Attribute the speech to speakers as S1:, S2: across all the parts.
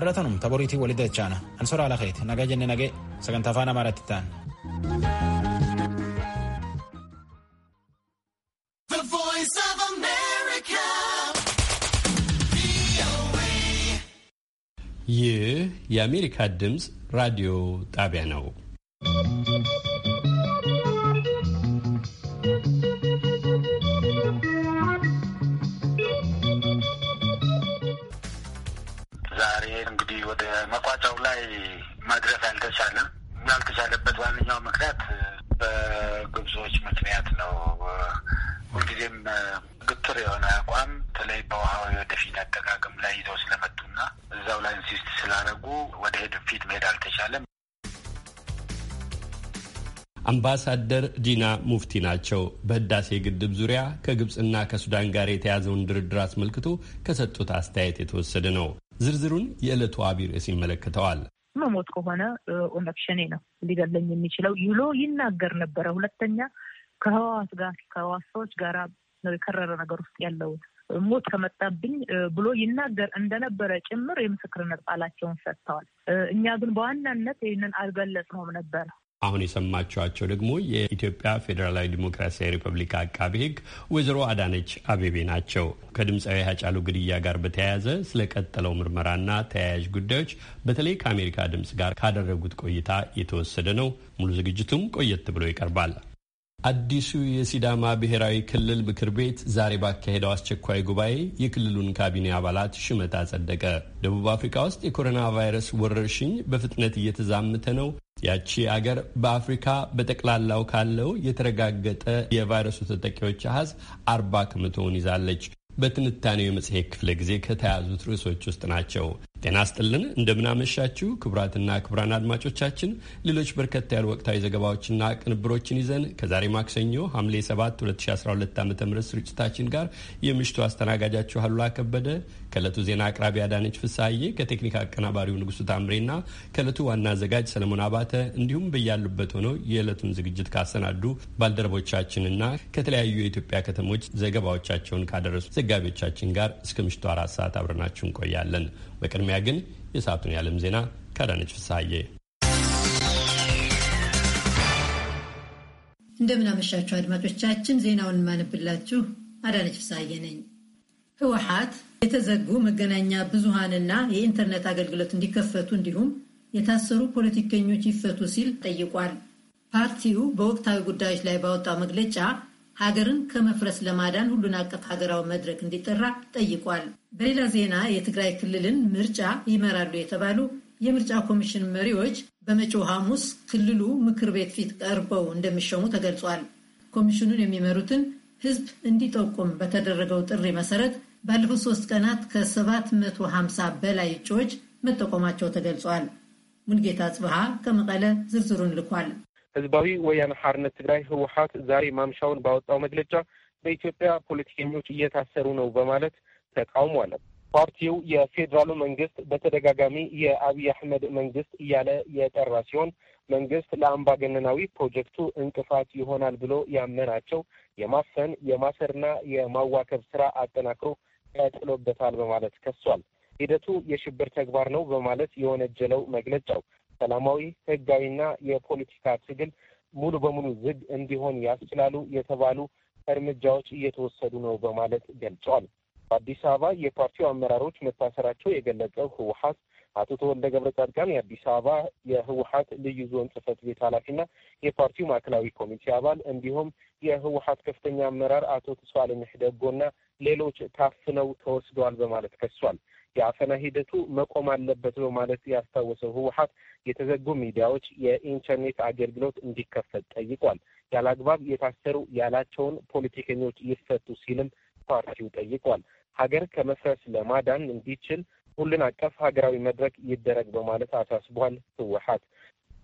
S1: Har'atanum taphooriitii walitti dachaana. Ansoora Alaaqeeti. Nagaa jenne nagee sagantaa afaan Amaaraatti ta'an.
S2: ይህ የአሜሪካ ድምፅ ራዲዮ ጣቢያ ነው።
S1: ማድረስ አልተቻለም። ያልተቻለበት ዋነኛው ምክንያት በግብጾች ምክንያት ነው። ሁልጊዜም ግትር የሆነ አቋም በተለይ በውሃው የወደፊት አጠቃቀም ላይ ይዘው ስለመጡና እዛው ላይ ኢንሲስት ስላደረጉ ወደ ሄድ ፊት መሄድ አልተቻለም።
S2: አምባሳደር ዲና ሙፍቲ ናቸው። በህዳሴ ግድብ ዙሪያ ከግብፅና ከሱዳን ጋር የተያዘውን ድርድር አስመልክቶ ከሰጡት አስተያየት የተወሰደ ነው። ዝርዝሩን የዕለቱ አቢይ ርዕስ ይመለከተዋል።
S3: መሞት ከሆነ ኦነግ ሸኔ ነው ሊገለኝ የሚችለው ይሎ ይናገር ነበረ። ሁለተኛ ከህዋት ጋር ከህዋት ሰዎች ጋራ ነው የከረረ ነገር ውስጥ ያለውን ሞት ከመጣብኝ ብሎ ይናገር እንደነበረ ጭምር የምስክርነት ቃላቸውን ሰጥተዋል። እኛ ግን በዋናነት ይህንን አልገለጽነውም ነበረ።
S2: አሁን የሰማችኋቸው ደግሞ የኢትዮጵያ ፌዴራላዊ ዲሞክራሲያዊ ሪፐብሊክ አቃቢ ሕግ ወይዘሮ አዳነች አቤቤ ናቸው። ከድምፃዊ ሀጫሉ ግድያ ጋር በተያያዘ ስለ ቀጠለው ምርመራና ተያያዥ ጉዳዮች በተለይ ከአሜሪካ ድምፅ ጋር ካደረጉት ቆይታ የተወሰደ ነው። ሙሉ ዝግጅቱም ቆየት ብሎ ይቀርባል። አዲሱ የሲዳማ ብሔራዊ ክልል ምክር ቤት ዛሬ ባካሄደው አስቸኳይ ጉባኤ የክልሉን ካቢኔ አባላት ሹመት አጸደቀ። ደቡብ አፍሪካ ውስጥ የኮሮና ቫይረስ ወረርሽኝ በፍጥነት እየተዛመተ ነው፣ ያቺ አገር በአፍሪካ በጠቅላላው ካለው የተረጋገጠ የቫይረሱ ተጠቂዎች አሀዝ አርባ ከመቶውን ይዛለች። በትንታኔው የመጽሔት ክፍለ ጊዜ ከተያዙት ርዕሶች ውስጥ ናቸው። ጤና ስጥልን እንደምናመሻችሁ ክቡራትና ክቡራን አድማጮቻችን ሌሎች በርከት ያሉ ወቅታዊ ዘገባዎችና ቅንብሮችን ይዘን ከዛሬ ማክሰኞ ሐምሌ 7 2012 ዓ ም ስርጭታችን ጋር የምሽቱ አስተናጋጃችሁ አሉላ ከበደ ከእለቱ ዜና አቅራቢ አዳነች ፍሳዬ ከቴክኒክ አቀናባሪው ንጉሱ ታምሬና ከእለቱ ዋና አዘጋጅ ሰለሞን አባተ እንዲሁም በያሉበት ሆነው የዕለቱን ዝግጅት ካሰናዱ ባልደረቦቻችንና ከተለያዩ የኢትዮጵያ ከተሞች ዘገባዎቻቸውን ካደረሱ ዘጋቢዎቻችን ጋር እስከ ምሽቱ አራት ሰዓት አብረናችሁ እንቆያለን። በቅድሚያ ግን የሰዓቱን የዓለም ዜና ከአዳነች ፍሳየ
S4: እንደምናመሻችሁ አድማጮቻችን፣ ዜናውን ማንብላችሁ አዳነች ፍሳየ ነኝ። ህወሓት የተዘጉ መገናኛ ብዙሃንና የኢንተርኔት አገልግሎት እንዲከፈቱ እንዲሁም የታሰሩ ፖለቲከኞች ይፈቱ ሲል ጠይቋል። ፓርቲው በወቅታዊ ጉዳዮች ላይ ባወጣው መግለጫ ሀገርን ከመፍረስ ለማዳን ሁሉን አቀፍ ሀገራዊ መድረክ እንዲጠራ ጠይቋል። በሌላ ዜና የትግራይ ክልልን ምርጫ ይመራሉ የተባሉ የምርጫ ኮሚሽን መሪዎች በመጪው ሐሙስ ክልሉ ምክር ቤት ፊት ቀርበው እንደሚሾሙ ተገልጿል። ኮሚሽኑን የሚመሩትን ህዝብ እንዲጠቁም በተደረገው ጥሪ መሰረት ባለፉት ሶስት ቀናት ከ750 በላይ እጩዎች መጠቆማቸው ተገልጿል። ሙንጌታ ጽብሃ ከመቀለ ዝርዝሩን ልኳል።
S5: ህዝባዊ ወያነ ሓርነት ትግራይ ህወሓት ዛሬ ማምሻውን ባወጣው መግለጫ በኢትዮጵያ ፖለቲከኞች እየታሰሩ ነው በማለት ተቃውሟል። ፓርቲው የፌዴራሉ መንግስት በተደጋጋሚ የአብይ አህመድ መንግስት እያለ የጠራ ሲሆን መንግስት ለአምባገነናዊ ፕሮጀክቱ እንቅፋት ይሆናል ብሎ ያመናቸው የማፈን የማሰርና የማዋከብ ስራ አጠናክሮ ቀጥሎበታል በማለት ከሷል። ሂደቱ የሽብር ተግባር ነው በማለት የወነጀለው መግለጫው ሰላማዊ ህጋዊና የፖለቲካ ትግል ሙሉ በሙሉ ዝግ እንዲሆን ያስችላሉ የተባሉ እርምጃዎች እየተወሰዱ ነው በማለት ገልጸዋል። በአዲስ አበባ የፓርቲው አመራሮች መታሰራቸው የገለጸው ህወሀት አቶ ተወልደ ገብረ ጻድቃን የአዲስ አበባ የህወሀት ልዩ ዞን ጽህፈት ቤት ኃላፊና የፓርቲው ማዕከላዊ ኮሚቴ አባል እንዲሁም የህወሀት ከፍተኛ አመራር አቶ ተስፋ ደጎና ሌሎች ታፍነው ተወስደዋል በማለት ከሷል። የአፈና ሂደቱ መቆም አለበት በማለት ያስታወሰው ህወሀት የተዘጉ ሚዲያዎች የኢንተርኔት አገልግሎት እንዲከፈት ጠይቋል። ያለአግባብ የታሰሩ ያላቸውን ፖለቲከኞች ይፈቱ ሲልም ፓርቲው ጠይቋል። ሀገር ከመፍረስ ለማዳን እንዲችል ሁሉን አቀፍ ሀገራዊ መድረክ ይደረግ በማለት አሳስቧል ህወሀት።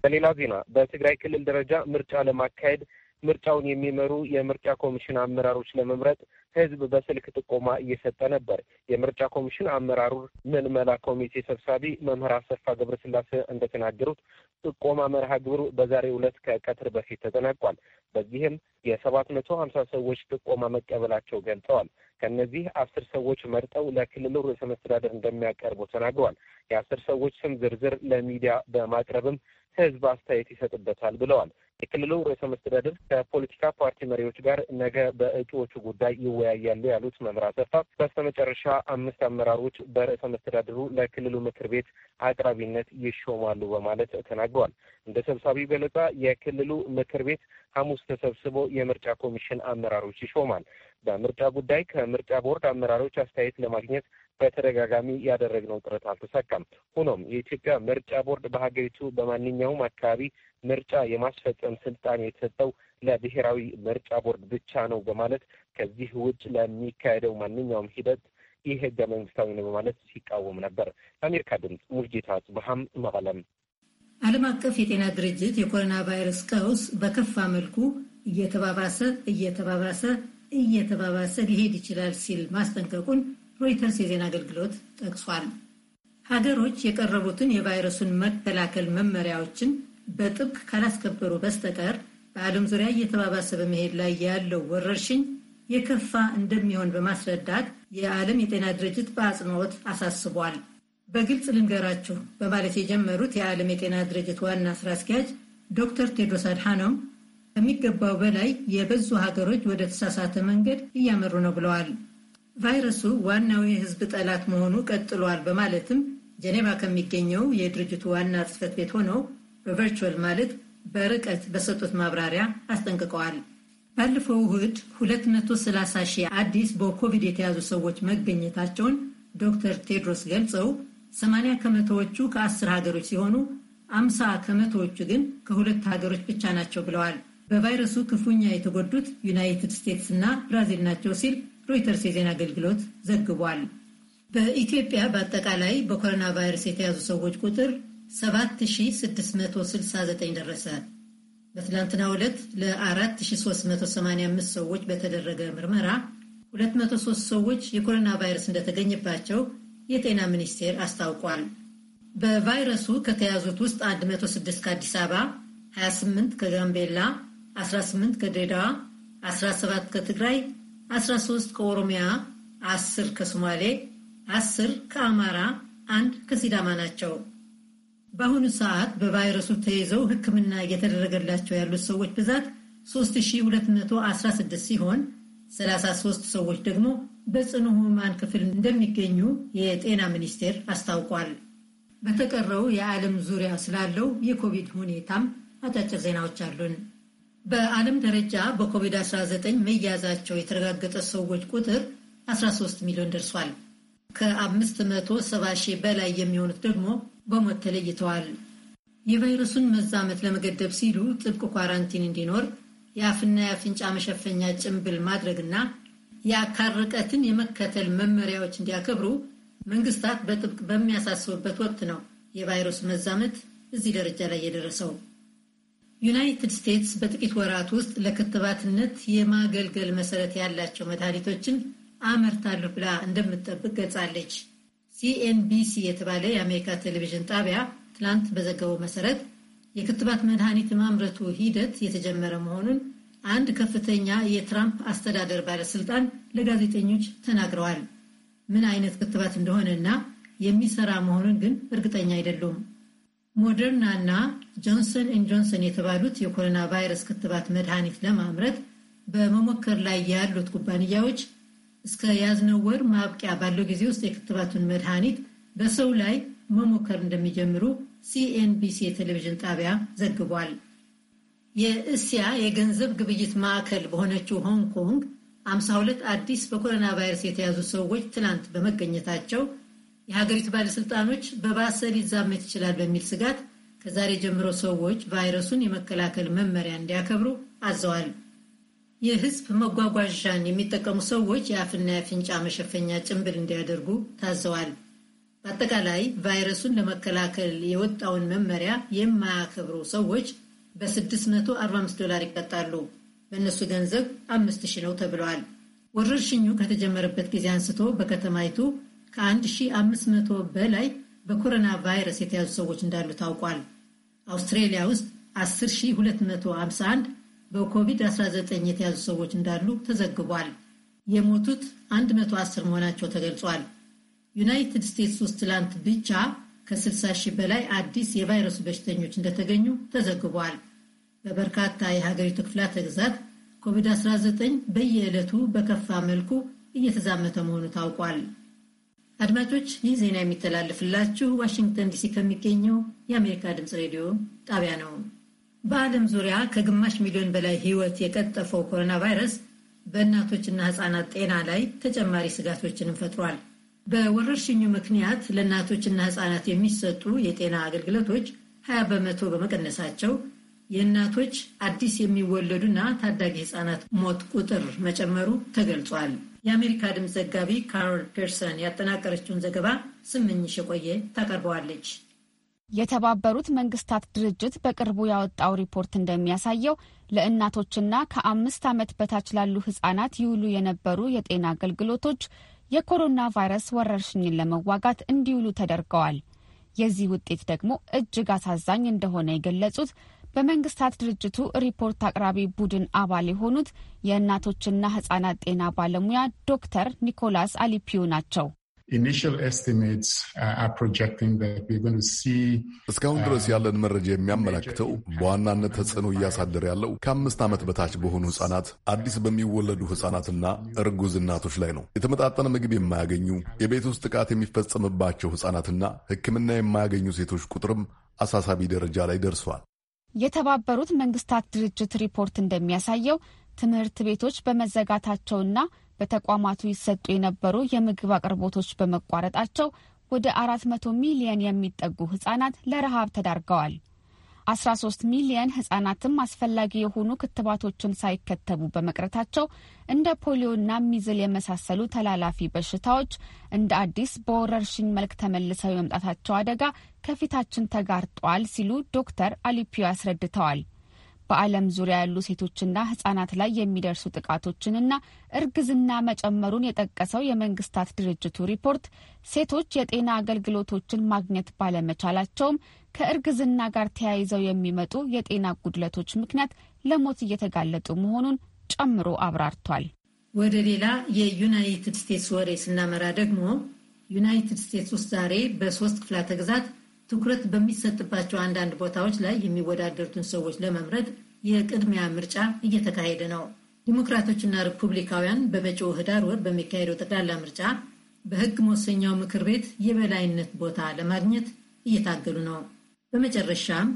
S5: በሌላ ዜና በትግራይ ክልል ደረጃ ምርጫ ለማካሄድ ምርጫውን የሚመሩ የምርጫ ኮሚሽን አመራሮች ለመምረጥ ህዝብ በስልክ ጥቆማ እየሰጠ ነበር። የምርጫ ኮሚሽን አመራሩ ምልመላ ኮሚቴ ሰብሳቢ መምህር አሰፋ ገብረስላሴ እንደተናገሩት ጥቆማ መርሃ ግብሩ በዛሬው ዕለት ከቀትር በፊት ተጠናቋል። በዚህም የሰባት መቶ ሀምሳ ሰዎች ጥቆማ መቀበላቸው ገልጸዋል። ከእነዚህ አስር ሰዎች መርጠው ለክልሉ ርዕሰ መስተዳደር እንደሚያቀርቡ ተናግረዋል። የአስር ሰዎች ስም ዝርዝር ለሚዲያ በማቅረብም ህዝብ አስተያየት ይሰጥበታል ብለዋል። የክልሉ ርዕሰ መስተዳድር ከፖለቲካ ፓርቲ መሪዎች ጋር ነገ በእጩዎቹ ጉዳይ ይወያያሉ ያሉት መምራ ሰፋ በስተመጨረሻ አምስት አመራሮች በርዕሰ መስተዳድሩ ለክልሉ ምክር ቤት አቅራቢነት ይሾማሉ በማለት ተናግረዋል። እንደ ሰብሳቢው ገለጻ የክልሉ ምክር ቤት ሐሙስ ተሰብስቦ የምርጫ ኮሚሽን አመራሮች ይሾማል። በምርጫ ጉዳይ ከምርጫ ቦርድ አመራሮች አስተያየት ለማግኘት በተደጋጋሚ ያደረግነው ጥረት አልተሳካም። ሆኖም የኢትዮጵያ ምርጫ ቦርድ በሀገሪቱ በማንኛውም አካባቢ ምርጫ የማስፈጸም ስልጣን የተሰጠው ለብሔራዊ ምርጫ ቦርድ ብቻ ነው በማለት ከዚህ ውጭ ለሚካሄደው ማንኛውም ሂደት ይህ ህገ መንግስታዊ ነው በማለት ሲቃወም ነበር። ለአሜሪካ ድምፅ ሙልጌታ ጽብሃም መቀለም።
S4: ዓለም አቀፍ የጤና ድርጅት የኮሮና ቫይረስ ቀውስ በከፋ መልኩ እየተባባሰ እየተባባሰ እየተባባሰ ሊሄድ ይችላል ሲል ማስጠንቀቁን ሮይተርስ የዜና አገልግሎት ጠቅሷል። ሀገሮች የቀረቡትን የቫይረሱን መከላከል መመሪያዎችን በጥብቅ ካላስከበሩ በስተቀር በዓለም ዙሪያ እየተባባሰ በመሄድ ላይ ያለው ወረርሽኝ የከፋ እንደሚሆን በማስረዳት የዓለም የጤና ድርጅት በአጽንኦት አሳስቧል። በግልጽ ልንገራችሁ በማለት የጀመሩት የዓለም የጤና ድርጅት ዋና ስራ አስኪያጅ ዶክተር ቴድሮስ አድሃኖም ከሚገባው በላይ የበዙ ሀገሮች ወደ ተሳሳተ መንገድ እያመሩ ነው ብለዋል። ቫይረሱ ዋናው የሕዝብ ጠላት መሆኑ ቀጥሏል በማለትም ጀኔቫ ከሚገኘው የድርጅቱ ዋና ጽህፈት ቤት ሆነው በቨርቹዋል ማለት በርቀት በሰጡት ማብራሪያ አስጠንቅቀዋል። ባለፈው እሁድ 230 ሺህ አዲስ በኮቪድ የተያዙ ሰዎች መገኘታቸውን ዶክተር ቴድሮስ ገልጸው 80 ከመቶዎቹ ከ10 ሀገሮች ሲሆኑ 50 ከመቶዎቹ ግን ከሁለት ሀገሮች ብቻ ናቸው ብለዋል። በቫይረሱ ክፉኛ የተጎዱት ዩናይትድ ስቴትስ እና ብራዚል ናቸው ሲል ሮይተርስ የዜና አገልግሎት ዘግቧል። በኢትዮጵያ በአጠቃላይ በኮሮና ቫይረስ የተያዙ ሰዎች ቁጥር 7669 ደረሰ። በትላንትና ዕለት ለ4385 ሰዎች በተደረገ ምርመራ 203 ሰዎች የኮሮና ቫይረስ እንደተገኘባቸው የጤና ሚኒስቴር አስታውቋል። በቫይረሱ ከተያዙት ውስጥ 106 ከአዲስ አበባ፣ 28 ከጋምቤላ፣ 18 ከድሬዳዋ፣ 17 ከትግራይ፣ 13 ከኦሮሚያ፣ 10 ከሶማሌ፣ 10 ከአማራ፣ አንድ ከሲዳማ ናቸው። በአሁኑ ሰዓት በቫይረሱ ተይዘው ሕክምና እየተደረገላቸው ያሉት ሰዎች ብዛት 3216 ሲሆን 33 ሰዎች ደግሞ በጽኑ ሕሙማን ክፍል እንደሚገኙ የጤና ሚኒስቴር አስታውቋል። በተቀረው የዓለም ዙሪያ ስላለው የኮቪድ ሁኔታም አጫጭር ዜናዎች አሉን። በዓለም ደረጃ በኮቪድ-19 መያዛቸው የተረጋገጠ ሰዎች ቁጥር 13 ሚሊዮን ደርሷል። ከ570 ሺህ በላይ የሚሆኑት ደግሞ በሞት ተለይተዋል። የቫይረሱን መዛመት ለመገደብ ሲሉ ጥብቅ ኳራንቲን እንዲኖር የአፍና የአፍንጫ መሸፈኛ ጭንብል ማድረግና የአካል ርቀትን የመከተል መመሪያዎች እንዲያከብሩ መንግስታት በጥብቅ በሚያሳስቡበት ወቅት ነው የቫይረሱ መዛመት እዚህ ደረጃ ላይ የደረሰው። ዩናይትድ ስቴትስ በጥቂት ወራት ውስጥ ለክትባትነት የማገልገል መሰረት ያላቸው መድኃኒቶችን አመርታለሁ ብላ እንደምትጠብቅ ገልጻለች። ሲኤንቢሲ የተባለ የአሜሪካ ቴሌቪዥን ጣቢያ ትላንት በዘገበው መሰረት የክትባት መድኃኒት ማምረቱ ሂደት የተጀመረ መሆኑን አንድ ከፍተኛ የትራምፕ አስተዳደር ባለስልጣን ለጋዜጠኞች ተናግረዋል። ምን አይነት ክትባት እንደሆነና የሚሰራ መሆኑን ግን እርግጠኛ አይደሉም። ሞደርና እና ጆንሰን ን ጆንሰን የተባሉት የኮሮና ቫይረስ ክትባት መድኃኒት ለማምረት በመሞከር ላይ ያሉት ኩባንያዎች እስከ ያዝነው ወር ማብቂያ ባለው ጊዜ ውስጥ የክትባቱን መድኃኒት በሰው ላይ መሞከር እንደሚጀምሩ ሲኤንቢሲ የቴሌቪዥን ጣቢያ ዘግቧል። የእስያ የገንዘብ ግብይት ማዕከል በሆነችው ሆንግ ኮንግ 52 አዲስ በኮሮና ቫይረስ የተያዙ ሰዎች ትናንት በመገኘታቸው የሀገሪቱ ባለስልጣኖች በባሰ ሊዛመት ይችላል በሚል ስጋት ከዛሬ ጀምሮ ሰዎች ቫይረሱን የመከላከል መመሪያ እንዲያከብሩ አዘዋል። የህዝብ መጓጓዣን የሚጠቀሙ ሰዎች የአፍና የአፍንጫ መሸፈኛ ጭንብል እንዲያደርጉ ታዘዋል። በአጠቃላይ ቫይረሱን ለመከላከል የወጣውን መመሪያ የማያከብሩ ሰዎች በ645 ዶላር ይቀጣሉ። በእነሱ ገንዘብ 5000 ነው ተብለዋል። ወረርሽኙ ከተጀመረበት ጊዜ አንስቶ በከተማይቱ ከ1500 በላይ በኮሮና ቫይረስ የተያዙ ሰዎች እንዳሉ ታውቋል። አውስትሬሊያ ውስጥ 10251 በኮቪድ-19 የተያዙ ሰዎች እንዳሉ ተዘግቧል። የሞቱት 110 መሆናቸው ተገልጿል። ዩናይትድ ስቴትስ ውስጥ ትላንት ብቻ ከ60 ሺህ በላይ አዲስ የቫይረሱ በሽተኞች እንደተገኙ ተዘግቧል። በበርካታ የሀገሪቱ ክፍላተ ግዛት ኮቪድ-19 በየዕለቱ በከፋ መልኩ እየተዛመተ መሆኑ ታውቋል። አድማጮች ይህ ዜና የሚተላለፍላችሁ ዋሽንግተን ዲሲ ከሚገኘው የአሜሪካ ድምፅ ሬዲዮ ጣቢያ ነው። በዓለም ዙሪያ ከግማሽ ሚሊዮን በላይ ሕይወት የቀጠፈው ኮሮና ቫይረስ በእናቶችና ሕፃናት ጤና ላይ ተጨማሪ ስጋቶችንም ፈጥሯል። በወረርሽኙ ምክንያት ለእናቶችና ሕፃናት የሚሰጡ የጤና አገልግሎቶች ሀያ በመቶ በመቀነሳቸው የእናቶች አዲስ የሚወለዱና ታዳጊ ሕፃናት ሞት ቁጥር መጨመሩ ተገልጿል። የአሜሪካ ድምፅ ዘጋቢ ካሮል ፔርሰን ያጠናቀረችውን ዘገባ ስምኝሽ የቆየ ታቀርበዋለች።
S6: የተባበሩት መንግስታት ድርጅት በቅርቡ ያወጣው ሪፖርት እንደሚያሳየው ለእናቶችና ከአምስት ዓመት በታች ላሉ ህጻናት ይውሉ የነበሩ የጤና አገልግሎቶች የኮሮና ቫይረስ ወረርሽኝን ለመዋጋት እንዲውሉ ተደርገዋል። የዚህ ውጤት ደግሞ እጅግ አሳዛኝ እንደሆነ የገለጹት በመንግስታት ድርጅቱ ሪፖርት አቅራቢ ቡድን አባል የሆኑት የእናቶችና ህጻናት ጤና ባለሙያ ዶክተር ኒኮላስ አሊፒዮ ናቸው። uh,
S7: እስካሁን ድረስ uh, ያለን መረጃ የሚያመላክተው በዋናነት ተጽዕኖ እያሳደረ ያለው ከአምስት ዓመት በታች በሆኑ ህጻናት፣ አዲስ በሚወለዱ ህጻናትና እርጉዝ እናቶች ላይ ነው። የተመጣጠነ ምግብ የማያገኙ የቤት ውስጥ ጥቃት የሚፈጸምባቸው ህጻናትና ህክምና የማያገኙ ሴቶች ቁጥርም አሳሳቢ ደረጃ ላይ ደርሷል።
S6: የተባበሩት መንግስታት ድርጅት ሪፖርት እንደሚያሳየው ትምህርት ቤቶች በመዘጋታቸውና በተቋማቱ ይሰጡ የነበሩ የምግብ አቅርቦቶች በመቋረጣቸው ወደ አራት መቶ ሚሊየን የሚጠጉ ህጻናት ለረሃብ ተዳርገዋል። 13 ሚሊየን ህጻናትም አስፈላጊ የሆኑ ክትባቶችን ሳይከተቡ በመቅረታቸው እንደ ፖሊዮና ሚዝል የመሳሰሉ ተላላፊ በሽታዎች እንደ አዲስ በወረርሽኝ መልክ ተመልሰው የመምጣታቸው አደጋ ከፊታችን ተጋርጧል ሲሉ ዶክተር አሊፒዮ አስረድተዋል። በዓለም ዙሪያ ያሉ ሴቶችና ህጻናት ላይ የሚደርሱ ጥቃቶችንና እርግዝና መጨመሩን የጠቀሰው የመንግስታት ድርጅቱ ሪፖርት ሴቶች የጤና አገልግሎቶችን ማግኘት ባለመቻላቸውም ከእርግዝና ጋር ተያይዘው የሚመጡ የጤና ጉድለቶች ምክንያት ለሞት እየተጋለጡ መሆኑን ጨምሮ አብራርቷል።
S4: ወደ ሌላ የዩናይትድ ስቴትስ ወሬ ስናመራ ደግሞ ዩናይትድ ስቴትስ ውስጥ ዛሬ በሶስት ክፍላተ ግዛት ትኩረት በሚሰጥባቸው አንዳንድ ቦታዎች ላይ የሚወዳደሩትን ሰዎች ለመምረጥ የቅድሚያ ምርጫ እየተካሄደ ነው። ዲሞክራቶችና ሪፑብሊካውያን በመጪው ህዳር ወር በሚካሄደው ጠቅላላ ምርጫ በህግ መወሰኛው ምክር ቤት የበላይነት ቦታ ለማግኘት እየታገሉ ነው። በመጨረሻም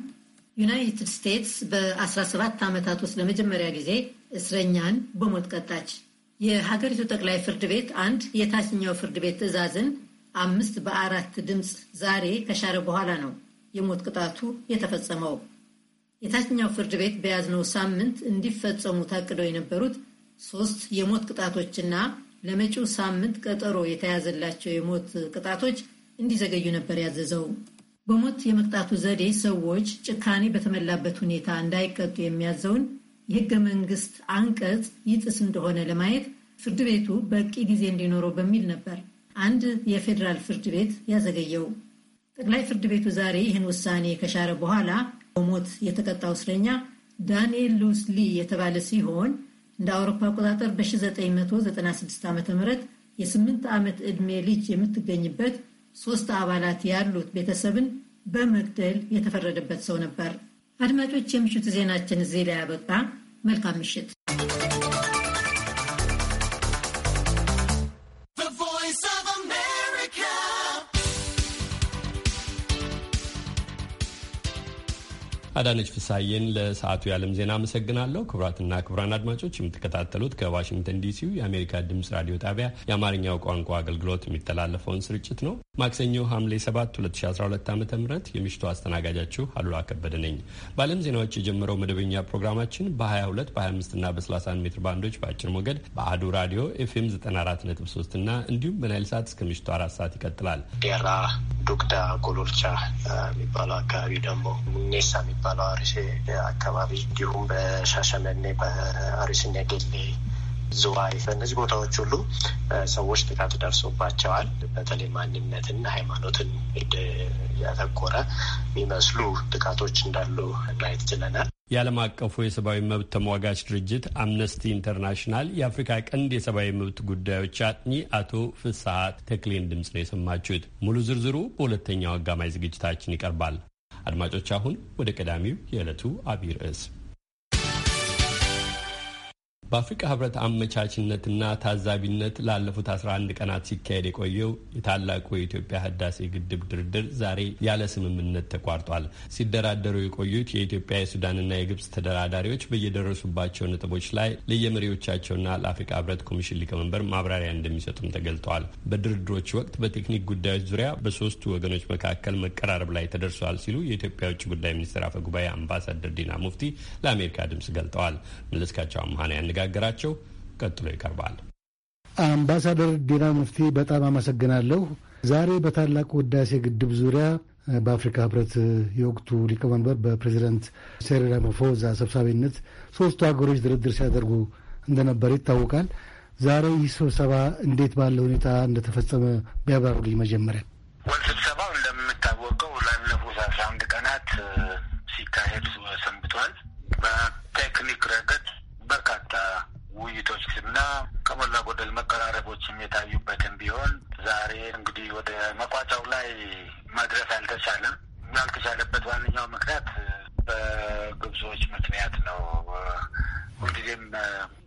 S4: ዩናይትድ ስቴትስ በ17 ዓመታት ውስጥ ለመጀመሪያ ጊዜ እስረኛን በሞት ቀጣች። የሀገሪቱ ጠቅላይ ፍርድ ቤት አንድ የታችኛው ፍርድ ቤት ትዕዛዝን አምስት በአራት ድምፅ ዛሬ ከሻረ በኋላ ነው የሞት ቅጣቱ የተፈጸመው። የታችኛው ፍርድ ቤት በያዝነው ሳምንት እንዲፈጸሙ ታቅደው የነበሩት ሶስት የሞት ቅጣቶችና ለመጪው ሳምንት ቀጠሮ የተያዘላቸው የሞት ቅጣቶች እንዲዘገዩ ነበር ያዘዘው። በሞት የመቅጣቱ ዘዴ ሰዎች ጭካኔ በተሞላበት ሁኔታ እንዳይቀጡ የሚያዘውን የህገ መንግስት አንቀጽ ይጥስ እንደሆነ ለማየት ፍርድ ቤቱ በቂ ጊዜ እንዲኖረው በሚል ነበር አንድ የፌዴራል ፍርድ ቤት ያዘገየው። ጠቅላይ ፍርድ ቤቱ ዛሬ ይህን ውሳኔ ከሻረ በኋላ በሞት የተቀጣው እስረኛ ዳንኤል ሉስ ሊ የተባለ ሲሆን እንደ አውሮፓ አቆጣጠር በ1996 ዓ ም የስምንት ዓመት ዕድሜ ልጅ የምትገኝበት ሶስት አባላት ያሉት ቤተሰብን በመግደል የተፈረደበት ሰው ነበር። አድማጮች፣ የምሽቱ ዜናችን እዚህ ላይ ያበቃ። መልካም ምሽት።
S2: አዳነች ፍሳዬን ለሰዓቱ የዓለም ዜና አመሰግናለሁ። ክቡራትና ክቡራን አድማጮች የምትከታተሉት ከዋሽንግተን ዲሲው የአሜሪካ ድምጽ ራዲዮ ጣቢያ የአማርኛው ቋንቋ አገልግሎት የሚተላለፈውን ስርጭት ነው። ማክሰኞ ሐምሌ 7 2012 ዓ ም የምሽቱ አስተናጋጃችሁ አሉላ ከበደ ነኝ። በዓለም ዜናዎች የጀመረው መደበኛ ፕሮግራማችን በ22 በ25 ና በ31 ሜትር ባንዶች በአጭር ሞገድ በአዱ ራዲዮ ኤፍኤም 943 እና እንዲሁም በናይል ሰዓት እስከ ምሽቱ አራት ሰዓት ይቀጥላል። ዴራ ዱግዳ ጎሎርቻ
S8: የሚባለው አካባቢ ደግሞ ሙኔሳ በሚባለው አርሴ አካባቢ እንዲሁም በሻሸመኔ በአርሲና ጌሌ ዝዋይ በእነዚህ ቦታዎች ሁሉ ሰዎች ጥቃት ደርሶባቸዋል። በተለይ ማንነትና ሃይማኖትን ያተኮረ የሚመስሉ ጥቃቶች እንዳሉ ማየት ችለናል።
S2: የዓለም አቀፉ የሰብአዊ መብት ተሟጋች ድርጅት አምነስቲ ኢንተርናሽናል የአፍሪካ ቀንድ የሰብአዊ መብት ጉዳዮች አጥኚ አቶ ፍስሀ ተክሌን ድምፅ ነው የሰማችሁት። ሙሉ ዝርዝሩ በሁለተኛው አጋማሽ ዝግጅታችን ይቀርባል። አድማጮች አሁን ወደ ቀዳሚው የዕለቱ አቢይ ርዕስ በአፍሪካ ህብረት አመቻችነትና ታዛቢነት ላለፉት 11 ቀናት ሲካሄድ የቆየው የታላቁ የኢትዮጵያ ህዳሴ ግድብ ድርድር ዛሬ ያለ ስምምነት ተቋርጧል። ሲደራደሩ የቆዩት የኢትዮጵያ የሱዳንና የግብፅ ተደራዳሪዎች በየደረሱባቸው ነጥቦች ላይ ለየመሪዎቻቸውና ለአፍሪካ ህብረት ኮሚሽን ሊቀመንበር ማብራሪያ እንደሚሰጡም ተገልጠዋል። በድርድሮች ወቅት በቴክኒክ ጉዳዮች ዙሪያ በሶስቱ ወገኖች መካከል መቀራረብ ላይ ተደርሷል ሲሉ የኢትዮጵያ የውጭ ጉዳይ ሚኒስትር አፈጉባኤ አምባሳደር ዲና ሙፍቲ ለአሜሪካ ድምጽ ገልጠዋል። መለስካቸው አምሃ ነው ያነጋገራቸው ቀጥሎ ይቀርባል።
S9: አምባሳደር ዲና ሙፍቲ በጣም አመሰግናለሁ። ዛሬ በታላቁ ህዳሴ ግድብ ዙሪያ በአፍሪካ ህብረት የወቅቱ ሊቀመንበር በፕሬዚደንት ሲሪል ራማፎዛ ሰብሳቢነት ሶስቱ ሀገሮች ድርድር ሲያደርጉ እንደነበር ይታወቃል። ዛሬ ይህ ስብሰባ እንዴት ባለ ሁኔታ እንደተፈጸመ ቢያብራሩልኝ። መጀመሪያ ወል ስብሰባው
S1: እንደምታወቀው ላለፉት አስራ አንድ ቀናት ሲካሄድ ሰንብቷል። በቴክኒክ ረገድ በርካታ ውይይቶች እና ከሞላ ጎደል መቀራረቦችም የታዩበትም ቢሆን ዛሬ እንግዲህ ወደ መቋጫው ላይ መድረስ አልተቻለም። ያልተቻለበት ዋነኛው ምክንያት በግብጾች ምክንያት ነው። ሁልጊዜም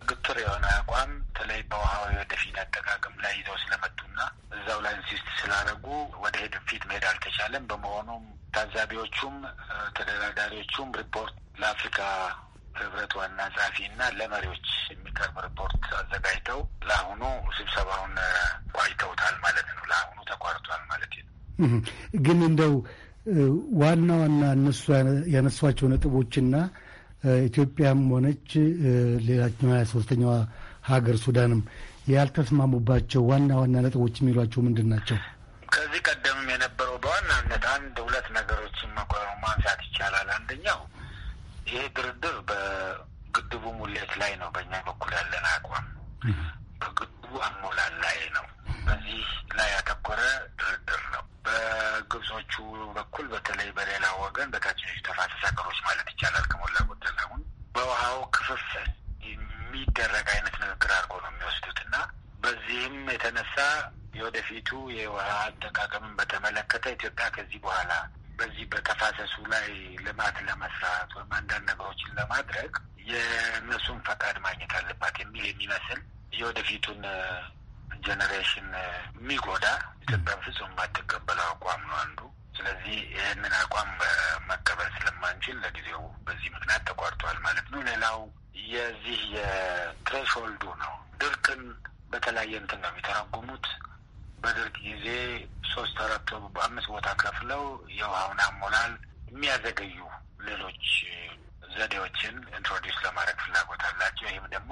S1: ግትር የሆነ አቋም በተለይ በውሃዊ ወደፊት አጠቃቀም ላይ ይዘው ስለመጡና እዛው ላይ ኢንሲስት ስላደረጉ ወደ ሄድ ፊት መሄድ አልተቻለም። በመሆኑም ታዛቢዎቹም ተደራዳሪዎቹም ሪፖርት ለአፍሪካ ህብረት ዋና ጸሐፊ ለመሪዎች የሚቀርብ ሪፖርት አዘጋጅተው ለአሁኑ ስብሰባውን ቋጭተውታል ማለት ነው። ለአሁኑ
S9: ተቋርጧል ማለት ነው። ግን እንደው ዋና ዋና እነሱ ያነሷቸው ነጥቦችና ኢትዮጵያም ሆነች ሌላኛው ሀያ ሶስተኛዋ ሀገር ሱዳንም ያልተስማሙባቸው ዋና ዋና ነጥቦች የሚሏቸው ምንድን ናቸው? ከዚህ ቀደምም የነበረው
S1: በዋናነት አንድ ሁለት ነገሮችን ማንሳት ይቻላል። አንደኛው ይህ ድርድር በግድቡ ሙሌት ላይ ነው። በእኛ በኩል ያለን አቋም በግድቡ አሞላል ላይ ነው። በዚህ ላይ ያተኮረ ድርድር ነው። በግብጾቹ በኩል በተለይ በሌላ ወገን በታችኞቹ ተፋሰስ ሀገሮች ማለት ይቻላል ከሞላ ጎደል አሁን በውሃው ክፍፍል የሚደረግ አይነት ንግግር አድርጎ ነው የሚወስዱት እና በዚህም የተነሳ የወደፊቱ የውሃ አጠቃቀምን በተመለከተ ኢትዮጵያ ከዚህ በኋላ በዚህ በተፋሰሱ ላይ ልማት ለመስራት ወይም አንዳንድ ነገሮችን ለማድረግ የእነሱን ፈቃድ ማግኘት አለባት የሚል የሚመስል የወደፊቱን ጀኔሬሽን የሚጎዳ ኢትዮጵያ ፍጹም የማትቀበለው አቋም ነው አንዱ። ስለዚህ ይህንን አቋም መቀበል ስለማንችል ለጊዜው በዚህ ምክንያት ተቋርጧል ማለት ነው። ሌላው የዚህ የትሬሽሆልዱ ነው። ድርቅን በተለያየ እንትን ነው የሚተረጉሙት። በድርቅ ጊዜ ሶስት አራት አምስት ቦታ ከፍለው የውሃውን አሞላል የሚያዘገዩ ሌሎች ዘዴዎችን ኢንትሮዲስ ለማድረግ ፍላጎት አላቸው። ይህም ደግሞ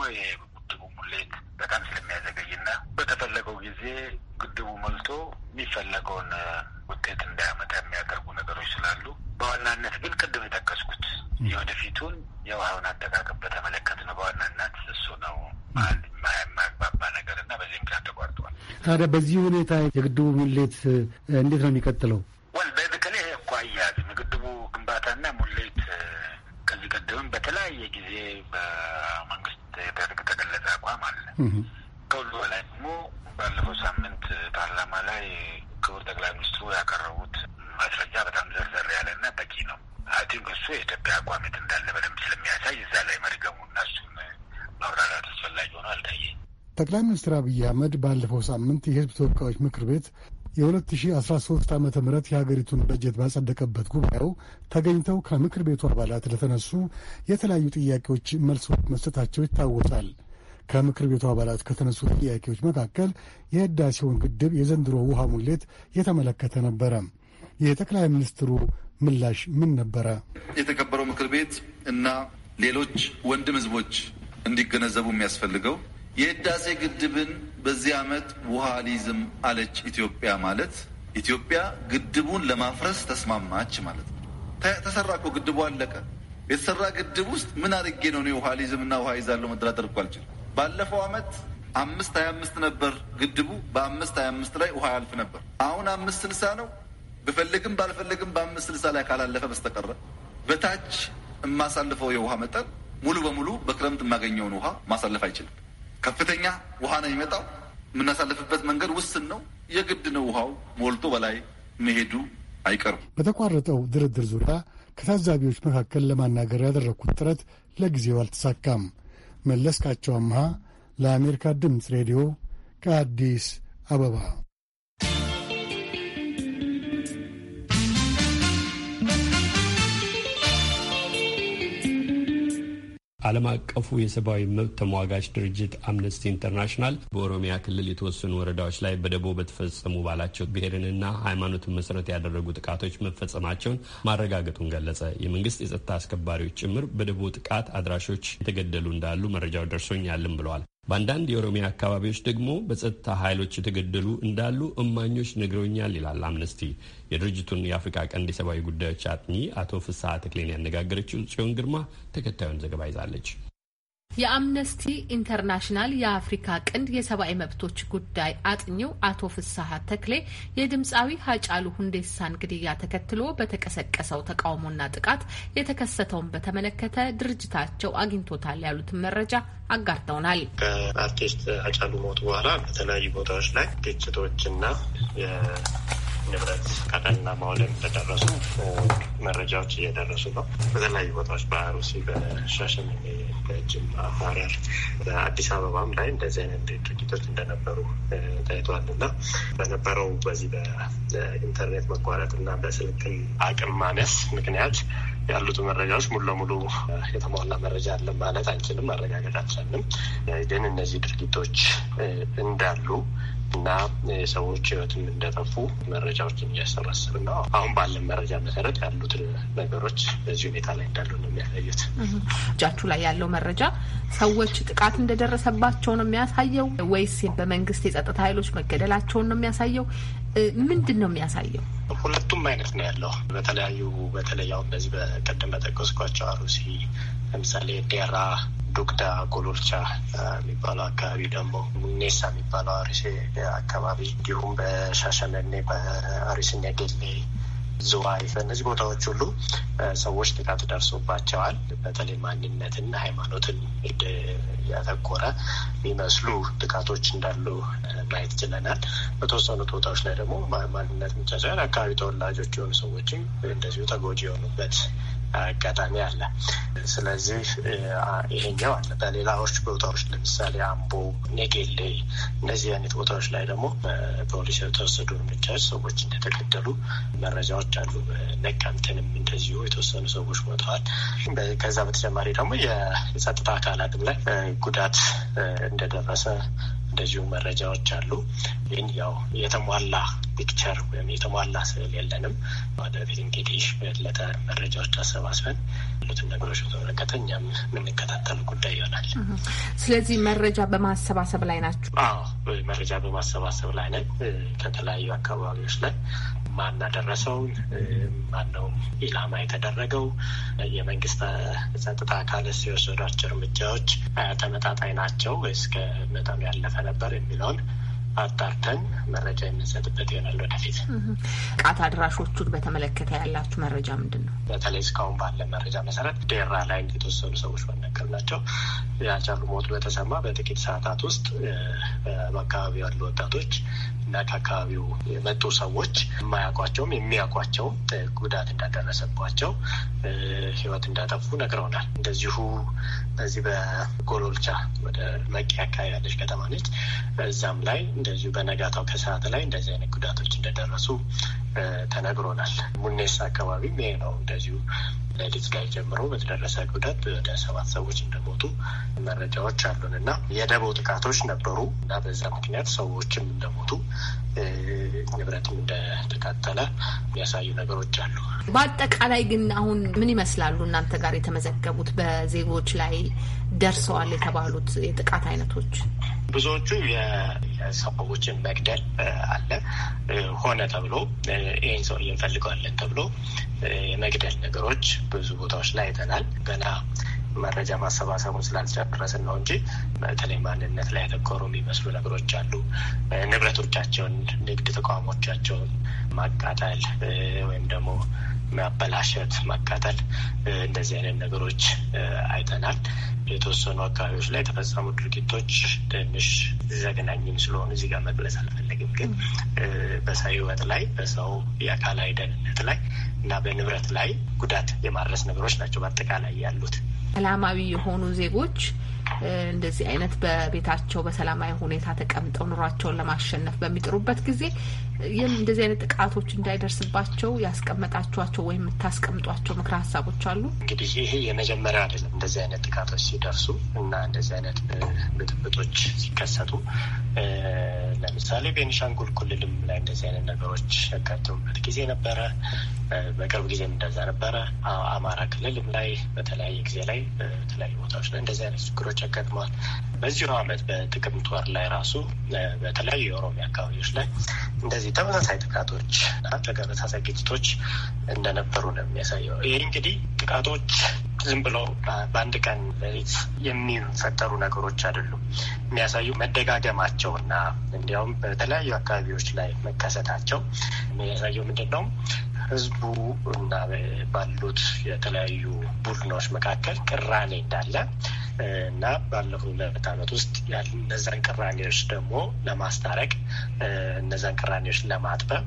S1: የግድቡ ሙሌት በጣም ስለሚያዘገይና በተፈለገው ጊዜ ግድቡ ሞልቶ የሚፈለገውን ውጤት እንዳያመጣ የሚያደርጉ ነገሮች ስላሉ በዋናነት ግን ቅድም የጠቀስኩት የወደፊቱን የውሃውን አጠቃቀም በተመለከት ነው። በዋናነት እሱ ነው የማያግባባ ነገር እና በዚህ ምክንያት ተቋርጠዋል።
S9: ታዲያ በዚህ ሁኔታ የግድቡ ሙሌት እንዴት ነው የሚቀጥለው?
S1: ወል በተለይ እኮ የግድቡ ግንባታና ሙሌት ከዚህ ቀደምም በተለያየ
S10: ጊዜ ተገለጸ አቋም አለ። ከሁሉ በላይ
S1: ደግሞ ባለፈው ሳምንት ፓርላማ ላይ ክቡር ጠቅላይ ሚኒስትሩ ያቀረቡት ማስረጃ በጣም ዘርዘር ያለና በቂ ነው። አይ እሱ የኢትዮጵያ አቋም የት እንዳለ በደንብ ስለሚያሳይ እዛ ላይ መድገሙ እና እሱን
S9: ማብራራት አስፈላጊ ሆኖ አልታየ። ጠቅላይ ሚኒስትር አብይ አህመድ ባለፈው ሳምንት የህዝብ ተወካዮች ምክር ቤት የ2013 ዓ ም የሀገሪቱን በጀት ባጸደቀበት ጉባኤው ተገኝተው ከምክር ቤቱ አባላት ለተነሱ የተለያዩ ጥያቄዎች መልሶች መስጠታቸው ይታወሳል። ከምክር ቤቱ አባላት ከተነሱ ጥያቄዎች መካከል የህዳሴውን ግድብ የዘንድሮ ውሃ ሙሌት የተመለከተ ነበረ። የጠቅላይ ሚኒስትሩ ምላሽ ምን ነበረ?
S7: የተከበረው ምክር ቤት እና ሌሎች ወንድም ህዝቦች እንዲገነዘቡ የሚያስፈልገው የህዳሴ ግድብን በዚህ ዓመት ውሃ ሊዝም አለች ኢትዮጵያ ማለት ኢትዮጵያ ግድቡን ለማፍረስ ተስማማች ማለት ነው። ተሰራ እኮ ግድቡ አለቀ። የተሰራ ግድብ ውስጥ ምን አድርጌ ነው እኔ ውሃ ሊዝም እና ውሃ ይዛለሁ መደራደር እኮ አልችልም። ባለፈው ዓመት አምስት ሀያ አምስት ነበር ግድቡ። በአምስት ሀያ አምስት ላይ ውሃ ያልፍ ነበር። አሁን አምስት ስልሳ ነው። ብፈልግም ባልፈልግም በአምስት ስልሳ ላይ ካላለፈ በስተቀረ በታች የማሳልፈው የውሃ መጠን ሙሉ በሙሉ በክረምት የማገኘውን ውሃ ማሳለፍ አይችልም። ከፍተኛ ውሃ ነው የሚመጣው። የምናሳልፍበት መንገድ ውስን ነው። የግድ ነው ውሃው ሞልቶ በላይ መሄዱ አይቀርም።
S9: በተቋረጠው ድርድር ዙሪያ ከታዛቢዎች መካከል ለማናገር ያደረግኩት ጥረት ለጊዜው አልተሳካም። መለስካቸው አምሃ ለአሜሪካ ድምፅ ሬዲዮ ከአዲስ
S2: አበባ ዓለም አቀፉ የሰብአዊ መብት ተሟጋች ድርጅት አምነስቲ ኢንተርናሽናል በኦሮሚያ ክልል የተወሰኑ ወረዳዎች ላይ በደቦ በተፈጸሙ ባላቸው ብሔርንና ሃይማኖትን መሰረት ያደረጉ ጥቃቶች መፈጸማቸውን ማረጋገጡን ገለጸ። የመንግስት የጸጥታ አስከባሪዎች ጭምር በደቦ ጥቃት አድራሾች የተገደሉ እንዳሉ መረጃው ደርሶኛልም ብለዋል። በአንዳንድ የኦሮሚያ አካባቢዎች ደግሞ በጸጥታ ኃይሎች የተገደሉ እንዳሉ እማኞች ነግረውኛል ይላል አምነስቲ። የድርጅቱን የአፍሪካ ቀንድ የሰብአዊ ጉዳዮች አጥኚ አቶ ፍስሐ ተክሌን ያነጋገረችው ጽዮን ግርማ ተከታዩን ዘገባ ይዛለች።
S11: የአምነስቲ ኢንተርናሽናል የአፍሪካ ቀንድ የሰብአዊ መብቶች ጉዳይ አጥኚው አቶ ፍስሀ ተክሌ የድምፃዊ ሀጫሉ ሁንዴሳን ግድያ ተከትሎ በተቀሰቀሰው ተቃውሞና ጥቃት የተከሰተውን በተመለከተ ድርጅታቸው አግኝቶታል ያሉትን መረጃ አጋርተውናል።
S8: ከአርቲስት ሀጫሉ ሞት በኋላ በተለያዩ ቦታዎች ላይ ግጭቶችና ንብረት ቀጠና ማውደም ተደረሱ መረጃዎች እየደረሱ ነው። በተለያዩ ቦታዎች በአሩሲ፣ በሻሸመኔ፣ በጅማ፣ ሐረር፣ በአዲስ አበባም ላይ እንደዚህ አይነት ድርጊቶች እንደነበሩ ታይቷል እና በነበረው በዚህ በኢንተርኔት መቋረጥ እና በስልክ አቅም ማነስ ምክንያት ያሉት መረጃዎች ሙሉ ለሙሉ የተሟላ መረጃ አለን ማለት አንችልም፣ ማረጋገጥ አልቻልንም። ግን እነዚህ ድርጊቶች እንዳሉ እና የሰዎች ህይወትም እንደጠፉ መረጃዎችን እያሰባሰብ ነው። አሁን ባለን መረጃ መሰረት ያሉትን ነገሮች በዚህ ሁኔታ ላይ እንዳሉ ነው የሚያሳዩት።
S11: እጃችሁ ላይ ያለው መረጃ ሰዎች ጥቃት እንደደረሰባቸው ነው የሚያሳየው ወይስ በመንግስት የጸጥታ ኃይሎች መገደላቸውን ነው የሚያሳየው? ምንድን ነው የሚያሳየው?
S8: ሁለቱም አይነት ነው ያለው። በተለያዩ በተለይ አሁን እነዚህ በቀደም በጠቀስኳቸው አሩሲ ለምሳሌ ዴራ፣ ዱግዳ፣ ጎሎልቻ የሚባለው አካባቢ ደግሞ ሙኔሳ የሚባለው አሪሴ አካባቢ እንዲሁም በሻሸመኔ በአርሲኛ ጌሌ ዙዋይፍ እነዚህ ቦታዎች ሁሉ ሰዎች ጥቃት ደርሶባቸዋል። በተለይ ማንነትና ሃይማኖትን ያተኮረ የሚመስሉ ጥቃቶች እንዳሉ ማየት ችለናል። በተወሰኑት ቦታዎች ላይ ደግሞ ማንነት ብቻ ሳይሆን አካባቢ ተወላጆች የሆኑ ሰዎችም እንደዚሁ ተጎጂ የሆኑበት አጋጣሚ አለ። ስለዚህ ይሄኛው አለ። በሌላዎች ቦታዎች ለምሳሌ አምቦ፣ ኔጌሌ እነዚህ አይነት ቦታዎች ላይ ደግሞ በፖሊስ የተወሰዱ እርምጃዎች ሰዎች እንደተገደሉ መረጃዎች አሉ። ነቀምትንም እንደዚሁ የተወሰኑ ሰዎች ሞተዋል። ከዛ በተጨማሪ ደግሞ የጸጥታ አካላትም ላይ ጉዳት እንደደረሰ እንደዚሁ መረጃዎች አሉ። ግን ያው የተሟላ ፒክቸር ወይም የተሟላ ስዕል የለንም። ወደፊት እንግዲህ በለጠ መረጃዎች አሰባስበን ያሉትን ነገሮች በተመለከተ እኛም የምንከታተሉ ጉዳይ ይሆናል።
S11: ስለዚህ መረጃ በማሰባሰብ ላይ ናቸው።
S8: አዎ መረጃ በማሰባሰብ ላይ ነን ከተለያዩ አካባቢዎች ላይ ማናደረሰው ማነው ኢላማ የተደረገው? የመንግስት ጸጥታ አካልስ የወሰዷቸው እርምጃዎች ተመጣጣኝ ናቸው ወይስ ከመጠኑ ያለፈ ነበር የሚለውን አጣርተን መረጃ የምንሰጥበት ይሆናል ወደፊት። ቃት አድራሾቹን በተመለከተ ያላችሁ መረጃ ምንድን ነው? በተለይ እስካሁን ባለ መረጃ መሰረት ዴራ ላይ የተወሰኑ ሰዎች መነገር ናቸው። የአጫሉ ሞት በተሰማ በጥቂት ሰዓታት ውስጥ በአካባቢው ያሉ ወጣቶች እና ከአካባቢው የመጡ ሰዎች የማያውቋቸውም የሚያውቋቸውም ጉዳት እንዳደረሰባቸው ህይወት እንዳጠፉ ነግረውናል። እንደዚሁ በዚህ በጎሎልቻ ወደ መቂ አካባቢ ያለች ከተማ ነች። እዛም ላይ እንደዚሁ በነጋታው ከሰዓት ላይ እንደዚህ አይነት ጉዳቶች እንደደረሱ ተነግሮናል። ሙኔስ አካባቢም ይሄ ነው እንደዚሁ ሌሊት ላይ ጀምሮ በተደረሰ ጉዳት ወደ ሰባት ሰዎች እንደሞቱ መረጃዎች አሉን እና የደቦ ጥቃቶች ነበሩ እና በዛ ምክንያት ሰዎችም እንደሞቱ ንብረትም እንደተቃጠለ የሚያሳዩ ነገሮች አሉ።
S11: በአጠቃላይ ግን አሁን ምን ይመስላሉ እናንተ ጋር የተመዘገቡት በዜጎች ላይ ደርሰዋል የተባሉት የጥቃት አይነቶች?
S8: ብዙዎቹ የሰዎችን መግደል አለ ሆነ ተብሎ ይህን ሰው እንፈልገዋለን ተብሎ የመግደል ነገሮች ብዙ ቦታዎች ላይ አይተናል። ገና መረጃ ማሰባሰቡን ስላልጨረስን ነው እንጂ በተለይ ማንነት ላይ ያተኮሩ የሚመስሉ ነገሮች አሉ። ንብረቶቻቸውን፣ ንግድ ተቋሞቻቸውን ማቃጠል ወይም ደግሞ ማበላሸት፣ ማቃጠል እንደዚህ አይነት ነገሮች አይተናል። የተወሰኑ አካባቢዎች ላይ የተፈጸሙ ድርጊቶች ትንሽ ዘግናኝም ስለሆኑ እዚህ ጋር መግለጽ አልፈለግም። ግን በሰው ሕይወት ላይ በሰው የአካላዊ ደህንነት ላይ እና በንብረት ላይ ጉዳት የማድረስ ነገሮች ናቸው በአጠቃላይ ያሉት
S11: ሰላማዊ የሆኑ ዜጎች እንደዚህ አይነት በቤታቸው በሰላማዊ ሁኔታ ተቀምጠው ኑሯቸውን ለማሸነፍ በሚጥሩበት ጊዜ ይህም እንደዚህ አይነት ጥቃቶች እንዳይደርስባቸው ያስቀመጣችኋቸው ወይም የምታስቀምጧቸው ምክረ ሀሳቦች አሉ? እንግዲህ ይሄ የመጀመሪያ
S8: አይደለም። እንደዚህ አይነት ጥቃቶች ሲደርሱ እና እንደዚህ አይነት ብጥብጦች ሲከሰቱ ለምሳሌ ቤኒሻንጉል ክልልም ላይ እንደዚህ አይነት ነገሮች ያጋጠሙበት ጊዜ ነበረ። በቅርብ ጊዜም እንደዛ ነበረ። አማራ ክልልም ላይ በተለያየ ጊዜ ላይ በተለያዩ ቦታዎች ላይ እንደዚህ አይነት ችግሮች ችግሮች ያጋጥመዋል። በዚሁ ዓመት በጥቅምት ወር ላይ ራሱ በተለያዩ የኦሮሚያ አካባቢዎች ላይ እንደዚህ ተመሳሳይ ጥቃቶች እና ተመሳሳይ ግጭቶች እንደነበሩ ነው የሚያሳየው። ይህ እንግዲህ ጥቃቶች ዝም ብሎ በአንድ ቀን ሌሊት የሚፈጠሩ ነገሮች አይደሉም። የሚያሳዩ መደጋገማቸው እና እንዲያውም በተለያዩ አካባቢዎች ላይ መከሰታቸው የሚያሳየው ምንድን ነው? ህዝቡ እና ባሉት የተለያዩ ቡድኖች መካከል ቅራኔ እንዳለ እና ባለፉት ሁለት ዓመት ውስጥ እነዛን ቅራኔዎች ደግሞ ለማስታረቅ እነዛን ቅራኔዎች ለማጥበብ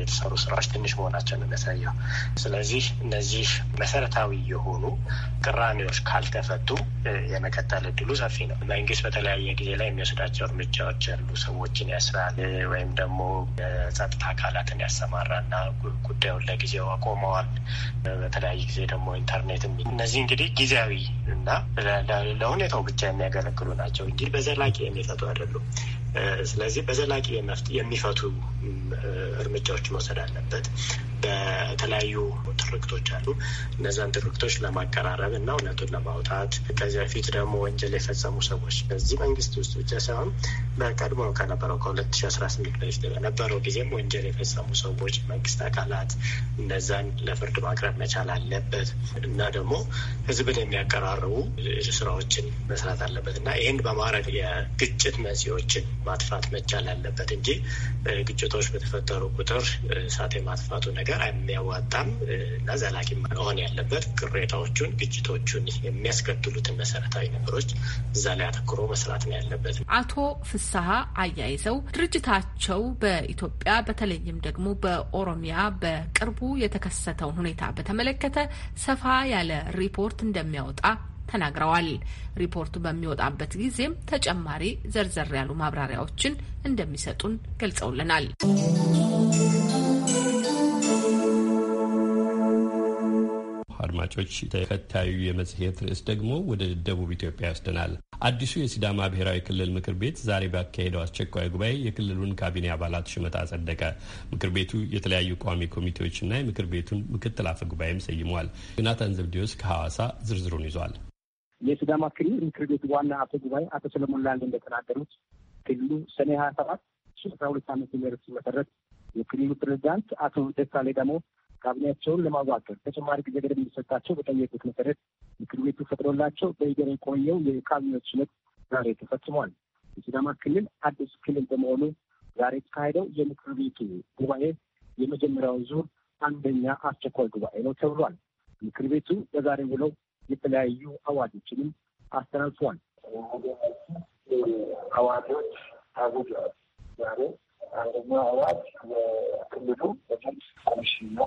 S8: የተሰሩ ስራዎች ትንሽ መሆናቸውን የሚያሳየው። ስለዚህ እነዚህ መሰረታዊ የሆኑ ቅራኔዎች ካልተፈቱ የመቀጠል እድሉ ሰፊ ነው። መንግስት በተለያየ ጊዜ ላይ የሚወስዳቸው እርምጃዎች ያሉ ሰዎችን ያስራል ወይም ደግሞ የጸጥታ አካላትን ያሰማራና ጉዳዩን ለጊዜው አቆመዋል። በተለያየ ጊዜ ደግሞ ኢንተርኔት እነዚህ እንግዲህ ጊዜያዊ እና ለሁኔታው ብቻ የሚያገለግሉ ናቸው እንጂ በዘላቂ የሚፈቱ አይደሉም። ስለዚህ በዘላቂ የሚፈቱ እርምጃዎች መውሰድ አለበት። የተለያዩ ትርክቶች አሉ። እነዛን ትርክቶች ለማቀራረብ እና እውነቱን ለማውጣት ከዚህ በፊት ደግሞ ወንጀል የፈጸሙ ሰዎች በዚህ መንግስት ውስጥ ብቻ ሳይሆን በቀድሞ ከነበረው ከ2018 በፊት በነበረው ጊዜም ወንጀል የፈጸሙ ሰዎች መንግስት አካላት እነዛን ለፍርድ ማቅረብ መቻል አለበት እና ደግሞ ህዝብን የሚያቀራርቡ ስራዎችን መስራት አለበት እና ይህን በማድረግ የግጭት መጽዎችን ማጥፋት መቻል አለበት እንጂ ግጭቶች በተፈጠሩ ቁጥር እሳት የማጥፋቱ ነገር ለጋራ የሚያዋጣም እና ዘላቂ መሆን ያለበት ቅሬታዎቹን፣ ግጭቶቹን የሚያስከትሉትን መሰረታዊ ነገሮች እዛ ላይ አተኩሮ መስራት ነው ያለበት።
S11: አቶ ፍስሀ አያይዘው ድርጅታቸው በኢትዮጵያ በተለይም ደግሞ በኦሮሚያ በቅርቡ የተከሰተውን ሁኔታ በተመለከተ ሰፋ ያለ ሪፖርት እንደሚያወጣ ተናግረዋል። ሪፖርቱ በሚወጣበት ጊዜም ተጨማሪ ዘርዘር ያሉ ማብራሪያዎችን እንደሚሰጡን ገልጸውልናል።
S2: አድማጮች ተከታዩ የመጽሔት ርዕስ ደግሞ ወደ ደቡብ ኢትዮጵያ ይወስደናል። አዲሱ የሲዳማ ብሔራዊ ክልል ምክር ቤት ዛሬ ባካሄደው አስቸኳይ ጉባኤ የክልሉን ካቢኔ አባላት ሹመት አጸደቀ። ምክር ቤቱ የተለያዩ ቋሚ ኮሚቴዎችና የምክር ቤቱን ምክትል አፈ ጉባኤም ሰይሟል። ዮናታን ዘብዴዎስ ከሐዋሳ ዝርዝሩን ይዟል።
S12: የሲዳማ ክልል ምክር ቤቱ ዋና አፈ ጉባኤ አቶ ሰለሞን ላንድ እንደተናገሩት ክልሉ ሰኔ ሀያ ሰባት ሺ አስራ ሁለት ዓመት ምህረት ሲመሰረት የክልሉ ፕሬዚዳንት አቶ ደሳሌ ደግሞ ካቢኔያቸውን ለማዋቀር ተጨማሪ ጊዜ ገደብ እንዲሰጣቸው በጠየቁት መሰረት ምክር ቤቱ ፈቅዶላቸው በሂደር የቆየው የካቢኔው ሹመት ዛሬ ተፈጽሟል። የሲዳማ ክልል አዲስ ክልል በመሆኑ ዛሬ የተካሄደው የምክር ቤቱ ጉባኤ የመጀመሪያው ዙር አንደኛ አስቸኳይ ጉባኤ ነው ተብሏል። ምክር ቤቱ በዛሬ ውለው የተለያዩ አዋጆችንም አስተላልፏል።
S10: አዋጆች ታውጀዋል። ዛሬ አንደኛው አዋጅ የክልሉ በጀት ኮሚሽን ነው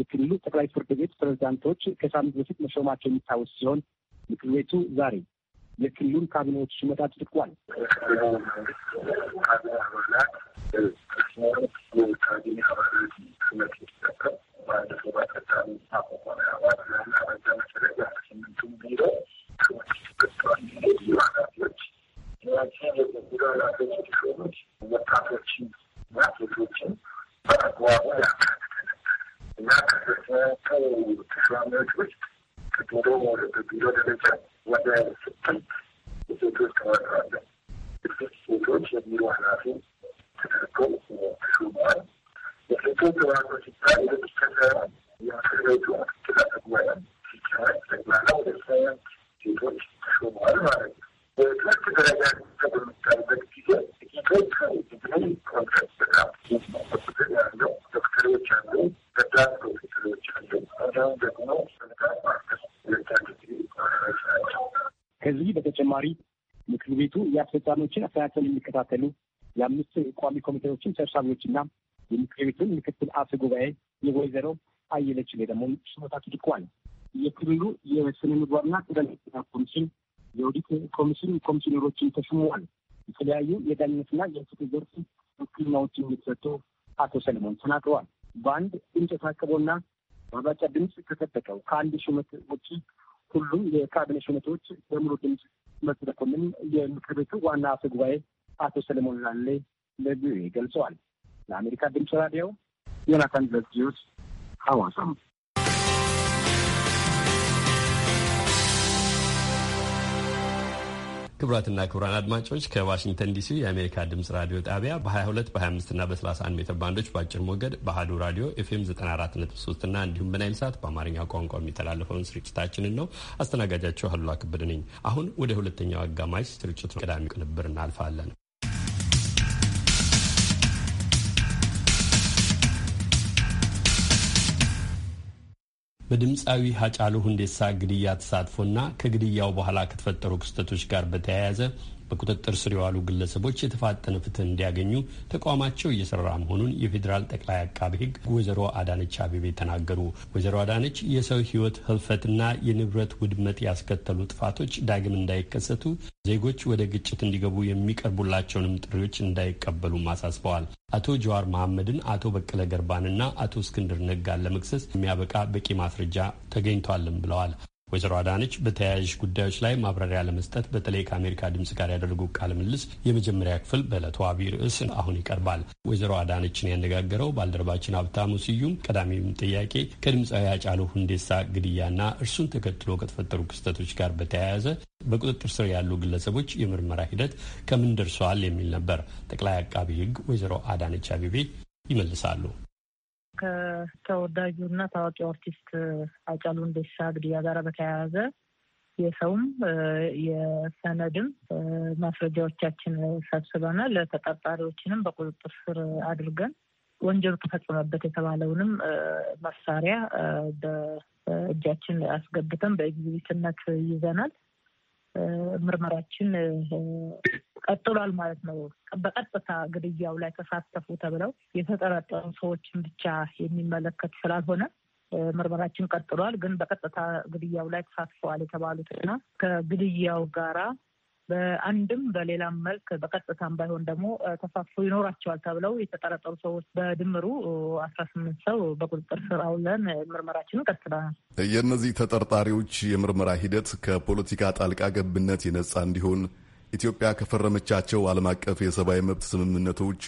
S12: የክልሉ ጠቅላይ ፍርድ ቤት ፕሬዚዳንቶች ከሳምንት በፊት መሾማቸው የሚታወስ ሲሆን ምክር ቤቱ ዛሬ የክልሉን ካቢኔዎች ሹመት አጽድቋል።
S10: እና ከተሰጡ ተሿሚዎች ውስጥ ከቢሮ በቢሮ ደረጃ ወደ ስምንት ሴቶች ተመርጠዋል። ስድስት ሴቶች የቢሮ ኃላፊ ተደርገው ተሹመዋል። የሴቶች ተዋቅሮ ሲባል የብቻ ሳይሆን የምክር ቤቱ
S12: ውሳኔዎችን አስተካክል የሚከታተሉ የአምስት ቋሚ ኮሚቴዎችን ሰብሳቢዎችና የምክር ቤቱን ምክትል አፈ ጉባኤ የወይዘሮ አየለች ላይ ደግሞ ሹመታ ተደርጓል። የክልሉ የስነ ምግባርና ቅደም ኮሚሽን የኦዲት ኮሚሽን ኮሚሽነሮችን ተሹመዋል። የተለያዩ የዳኝነትና የፍትህ ዘርፍ ውክልናዎችን የሚሰጡ አቶ ሰለሞን ተናግረዋል። በአንድ ድምፅ የታቀበውና በአብላጫ ድምፅ ከጸደቀው ከአንድ ሹመት ውጭ ሁሉም የካቢኔ ሹመቶች በሙሉ ድምፅ መስ መኮንን የምክር ቤቱ ዋና አፈ ጉባኤ አቶ ሰለሞን ላሌ ለቪኦኤ ገልጸዋል። ለአሜሪካ ድምፅ ራዲዮ ዮናታን ዘብድዮስ
S2: ሐዋሳም ክቡራትና ክቡራን አድማጮች ከዋሽንግተን ዲሲ የአሜሪካ ድምጽ ራዲዮ ጣቢያ በ22 በ25 እና በ31 ሜትር ባንዶች በአጭር ሞገድ በአህዱ ራዲዮ ኤፍኤም 943 እና እንዲሁም በናይል ሰዓት በአማርኛ ቋንቋ የሚተላለፈውን ስርጭታችንን ነው። አስተናጋጃቸው አሉላ ከበደ ነኝ። አሁን ወደ ሁለተኛው አጋማሽ ስርጭቱ ቀዳሚ ቅንብር እናልፋለን። በድምፃዊ ሀጫሉ ሁንዴሳ ግድያ ተሳትፎና ከግድያው በኋላ ከተፈጠሩ ክስተቶች ጋር በተያያዘ በቁጥጥር ስር የዋሉ ግለሰቦች የተፋጠነ ፍትህ እንዲያገኙ ተቋማቸው እየሰራ መሆኑን የፌዴራል ጠቅላይ አቃቢ ሕግ ወይዘሮ አዳነች አቤቤ ተናገሩ። ወይዘሮ አዳነች የሰው ሕይወት ህልፈትና የንብረት ውድመት ያስከተሉ ጥፋቶች ዳግም እንዳይከሰቱ ዜጎች ወደ ግጭት እንዲገቡ የሚቀርቡላቸውንም ጥሪዎች እንዳይቀበሉ አሳስበዋል። አቶ ጀዋር መሐመድን፣ አቶ በቀለ ገርባንና አቶ እስክንድር ነጋን ለመክሰስ የሚያበቃ በቂ ማስረጃ ተገኝቷልም ብለዋል። ወይዘሮ አዳነች በተያያዥ ጉዳዮች ላይ ማብራሪያ ለመስጠት በተለይ ከአሜሪካ ድምጽ ጋር ያደረጉ ቃለ ምልልስ የመጀመሪያ ክፍል በዕለቱ አብይ ርዕስ አሁን ይቀርባል። ወይዘሮ አዳነችን ያነጋገረው ባልደረባችን ሀብታሙ ስዩም ቀዳሚም ጥያቄ ከድምፃዊ አጫሉ ሁንዴሳ ግድያና እርሱን ተከትሎ ከተፈጠሩ ክስተቶች ጋር በተያያዘ በቁጥጥር ስር ያሉ ግለሰቦች የምርመራ ሂደት ከምን ደርሰዋል የሚል ነበር። ጠቅላይ አቃቢ ሕግ ወይዘሮ አዳነች አቤቤ ይመልሳሉ።
S3: ከተወዳጁ እና ታዋቂ አርቲስት አጫሉ ሁንዴሳ ግድያ ጋር በተያያዘ የሰውም የሰነድም ማስረጃዎቻችን ሰብስበናል። ተጠርጣሪዎችንም በቁጥጥር ስር አድርገን ወንጀሉ ተፈጸመበት የተባለውንም መሳሪያ በእጃችን አስገብተን በኤግዚቢትነት ይዘናል። ምርመራችን ቀጥሏል ማለት ነው። በቀጥታ ግድያው ላይ ተሳተፉ ተብለው የተጠረጠሩ ሰዎችን ብቻ የሚመለከት ስላልሆነ ምርመራችን ቀጥሏል። ግን በቀጥታ ግድያው ላይ ተሳትፈዋል የተባሉትና ከግድያው ጋራ በአንድም በሌላም መልክ በቀጥታም ባይሆን ደግሞ ተሳትፎ ይኖራቸዋል ተብለው የተጠረጠሩ ሰዎች በድምሩ አስራ ስምንት ሰው በቁጥጥር ስር አውለን ምርመራችንን ቀጥለናል።
S7: የእነዚህ ተጠርጣሪዎች የምርመራ ሂደት ከፖለቲካ ጣልቃ ገብነት የነጻ እንዲሆን ኢትዮጵያ ከፈረመቻቸው ዓለም አቀፍ የሰብአዊ መብት ስምምነቶች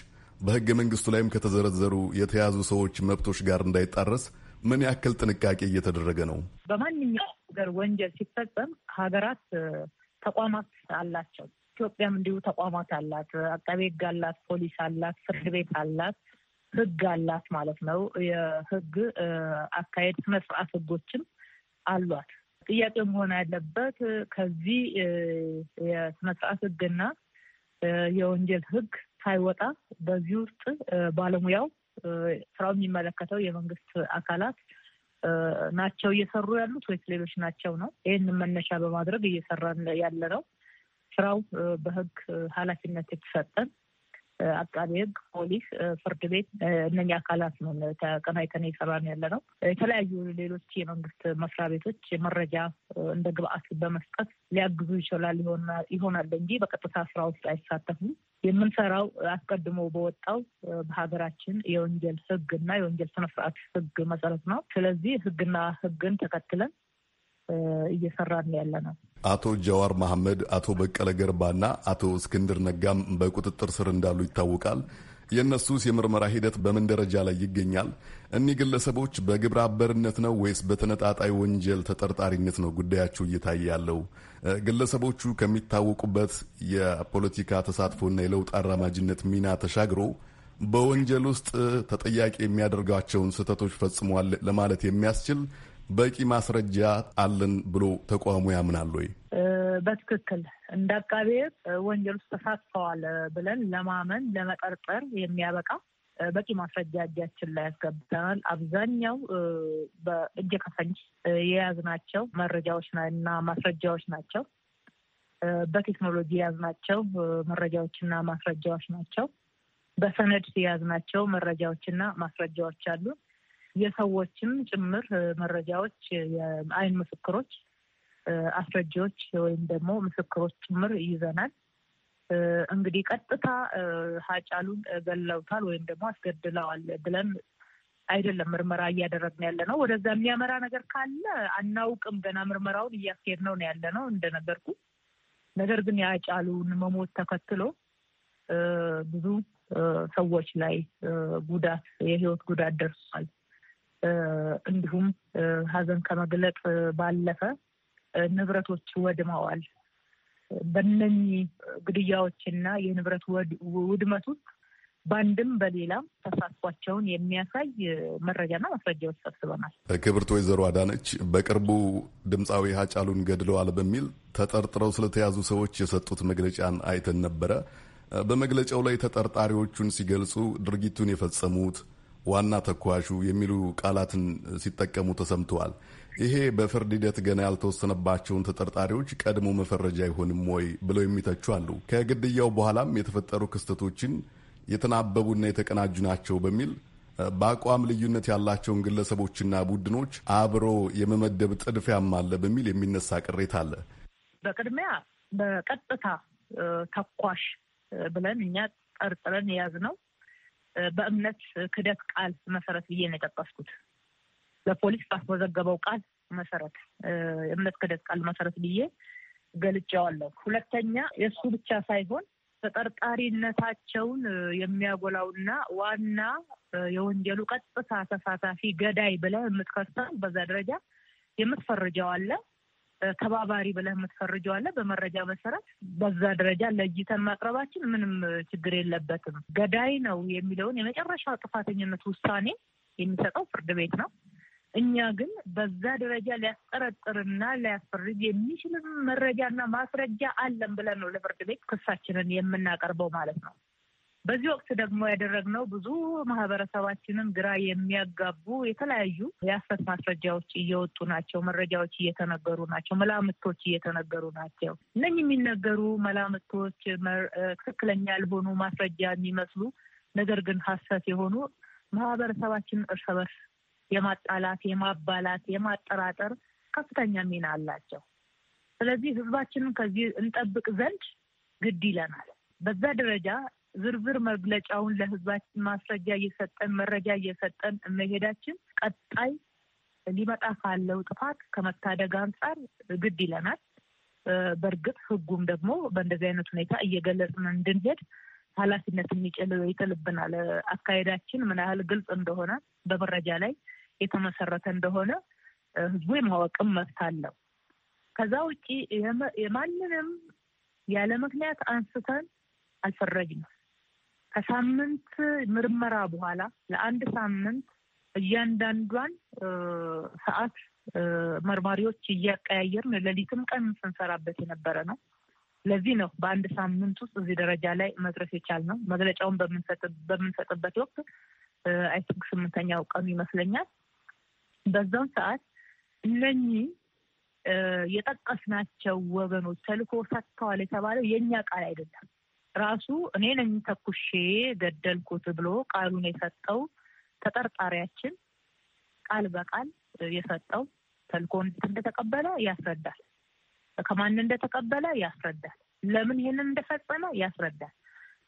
S7: በህገ መንግስቱ ላይም ከተዘረዘሩ የተያዙ ሰዎች መብቶች ጋር እንዳይጣረስ ምን ያክል ጥንቃቄ እየተደረገ ነው?
S3: በማንኛውም ሀገር ወንጀል ሲፈጸም ሀገራት ተቋማት አላቸው። ኢትዮጵያም እንዲሁ ተቋማት አላት። አቃቤ ሕግ አላት፣ ፖሊስ አላት፣ ፍርድ ቤት አላት፣ ሕግ አላት ማለት ነው። የሕግ አካሄድ ስነ ስርዓት ሕጎችም አሏት። ጥያቄ መሆን ያለበት ከዚህ የስነ ስርዓት ሕግና የወንጀል ሕግ ሳይወጣ በዚህ ውስጥ ባለሙያው ስራው የሚመለከተው የመንግስት አካላት ናቸው እየሰሩ ያሉት ወይስ ሌሎች ናቸው ነው? ይህን መነሻ በማድረግ እየሰራ ያለ ነው። ስራው በህግ ኃላፊነት የተሰጠን አቃቤ ህግ፣ ፖሊስ፣ ፍርድ ቤት እነኛ አካላት ነው ተቀናይተን እየሰራን ያለ ነው። የተለያዩ ሌሎች የመንግስት መስሪያ ቤቶች መረጃ እንደ ግብአት በመስጠት ሊያግዙ ይችላል ይሆናል እንጂ በቀጥታ ስራ ውስጥ አይሳተፉም። የምንሰራው አስቀድሞ በወጣው በሀገራችን የወንጀል ህግ እና የወንጀል ስነስርዓት ህግ መሰረት ነው። ስለዚህ ህግና ህግን ተከትለን እየሰራን ያለ ነው።
S7: አቶ ጀዋር መሐመድ፣ አቶ በቀለ ገርባና አቶ እስክንድር ነጋም በቁጥጥር ስር እንዳሉ ይታወቃል። የእነሱስ የምርመራ ሂደት በምን ደረጃ ላይ ይገኛል? እኒህ ግለሰቦች በግብረ አበርነት ነው ወይስ በተነጣጣይ ወንጀል ተጠርጣሪነት ነው ጉዳያቸው እየታየ ያለው? ግለሰቦቹ ከሚታወቁበት የፖለቲካ ተሳትፎና የለውጥ አራማጅነት ሚና ተሻግሮ በወንጀል ውስጥ ተጠያቂ የሚያደርጋቸውን ስህተቶች ፈጽሟል ለማለት የሚያስችል በቂ ማስረጃ አለን ብሎ ተቋሙ ያምናል ወይ?
S3: በትክክል እንደ አቃቤ ወንጀል ውስጥ ተሳትፈዋል ብለን ለማመን ለመጠርጠር የሚያበቃ በቂ ማስረጃ እጃችን ላይ ያስገብተናል። አብዛኛው በእጅ ከፈንጅ የያዝናቸው መረጃዎች እና ማስረጃዎች ናቸው። በቴክኖሎጂ የያዝናቸው መረጃዎችና ማስረጃዎች ናቸው። በሰነድ የያዝናቸው መረጃዎችና ማስረጃዎች አሉ። የሰዎችም ጭምር መረጃዎች፣ የአይን ምስክሮች አስረጂዎች ወይም ደግሞ ምስክሮች ጭምር ይዘናል። እንግዲህ ቀጥታ ሀጫሉን ገለውታል ወይም ደግሞ አስገድለዋል ብለን አይደለም ምርመራ እያደረግን ያለ ነው። ወደዛ የሚያመራ ነገር ካለ አናውቅም። ገና ምርመራውን እያስኬድ ነው ያለ ነው እንደነገርኩ። ነገር ግን የሀጫሉን መሞት ተከትሎ ብዙ ሰዎች ላይ ጉዳት የህይወት ጉዳት ደርሷል። እንዲሁም ሀዘን ከመግለጥ ባለፈ ንብረቶች ወድመዋል። በነኚህ ግድያዎችና የንብረት ውድመት ውስጥ በአንድም በሌላም ተሳትፏቸውን የሚያሳይ መረጃና ማስረጃዎች ሰብስበናል።
S7: ክብርት ወይዘሮ አዳነች በቅርቡ ድምፃዊ ሀጫሉን ገድለዋል በሚል ተጠርጥረው ስለተያዙ ሰዎች የሰጡት መግለጫን አይተን ነበረ። በመግለጫው ላይ ተጠርጣሪዎቹን ሲገልጹ ድርጊቱን የፈጸሙት ዋና ተኳሹ የሚሉ ቃላትን ሲጠቀሙ ተሰምተዋል። ይሄ በፍርድ ሂደት ገና ያልተወሰነባቸውን ተጠርጣሪዎች ቀድሞ መፈረጃ አይሆንም ወይ ብለው የሚተቹ አሉ። ከግድያው በኋላም የተፈጠሩ ክስተቶችን የተናበቡና የተቀናጁ ናቸው በሚል በአቋም ልዩነት ያላቸውን ግለሰቦችና ቡድኖች አብሮ የመመደብ ጥድፊያም አለ በሚል የሚነሳ ቅሬታ አለ።
S3: በቅድሚያ በቀጥታ ተኳሽ ብለን እኛ ጠርጥረን የያዝነው በእምነት ክደት ቃል መሰረት ብዬ ነው የጠቀስኩት ለፖሊስ ባስመዘገበው ቃል መሰረት እምነት ክደት ቃል መሰረት ብዬ ገልጫዋለሁ። ሁለተኛ የእሱ ብቻ ሳይሆን ተጠርጣሪነታቸውን የሚያጎላውና ዋና የወንጀሉ ቀጥታ ተሳታፊ ገዳይ ብለህ የምትከሰው በዛ ደረጃ የምትፈርጀው አለ፣ ተባባሪ ብለህ የምትፈርጀው አለ። በመረጃ መሰረት በዛ ደረጃ ለይተን ማቅረባችን ምንም ችግር የለበትም። ገዳይ ነው የሚለውን የመጨረሻ ጥፋተኝነት ውሳኔ የሚሰጠው ፍርድ ቤት ነው። እኛ ግን በዛ ደረጃ ሊያስጠረጥርና ሊያስፈርድ የሚችልም መረጃና ማስረጃ አለን ብለን ነው ለፍርድ ቤት ክሳችንን የምናቀርበው ማለት ነው። በዚህ ወቅት ደግሞ ያደረግነው ብዙ ማህበረሰባችንን ግራ የሚያጋቡ የተለያዩ የሐሰት ማስረጃዎች እየወጡ ናቸው። መረጃዎች እየተነገሩ ናቸው። መላምቶች እየተነገሩ ናቸው። እነኝህ የሚነገሩ መላምቶች ትክክለኛ ያልሆኑ ማስረጃ የሚመስሉ ነገር ግን ሐሰት የሆኑ ማህበረሰባችንን እርስ በርስ የማጣላት፣ የማባላት፣ የማጠራጠር ከፍተኛ ሚና አላቸው። ስለዚህ ህዝባችንን ከዚህ እንጠብቅ ዘንድ ግድ ይለናል። በዛ ደረጃ ዝርዝር መግለጫውን ለህዝባችን ማስረጃ እየሰጠን መረጃ እየሰጠን መሄዳችን ቀጣይ ሊመጣ ካለው ጥፋት ከመታደግ አንጻር ግድ ይለናል። በእርግጥ ህጉም ደግሞ በእንደዚህ አይነት ሁኔታ እየገለጽን እንድንሄድ ኃላፊነት የሚጭል ይጥልብናል። አካሄዳችን ምን ያህል ግልጽ እንደሆነ በመረጃ ላይ የተመሰረተ እንደሆነ ህዝቡ የማወቅም መብት አለው። ከዛ ውጪ የማንንም ያለ ምክንያት አንስተን አልፈረጅንም። ከሳምንት ምርመራ በኋላ ለአንድ ሳምንት እያንዳንዷን ሰዓት መርማሪዎች እያቀያየርን ሌሊትም ቀን ስንሰራበት የነበረ ነው። ለዚህ ነው በአንድ ሳምንት ውስጥ እዚህ ደረጃ ላይ መድረስ የቻልነው። መግለጫውን በምንሰጥበት ወቅት አይ ቲንክ ስምንተኛው ቀኑ ይመስለኛል በዛም ሰዓት እነኚህ የጠቀስናቸው ወገኖች ተልኮ ሰጥተዋል የተባለው የእኛ ቃል አይደለም። ራሱ እኔ ነኝ ተኩሼ ገደልኩት ብሎ ቃሉን የሰጠው ተጠርጣሪያችን ቃል በቃል የሰጠው ተልኮ እንደተቀበለ ያስረዳል። ከማን እንደተቀበለ ያስረዳል። ለምን ይህንን እንደፈጸመ ያስረዳል።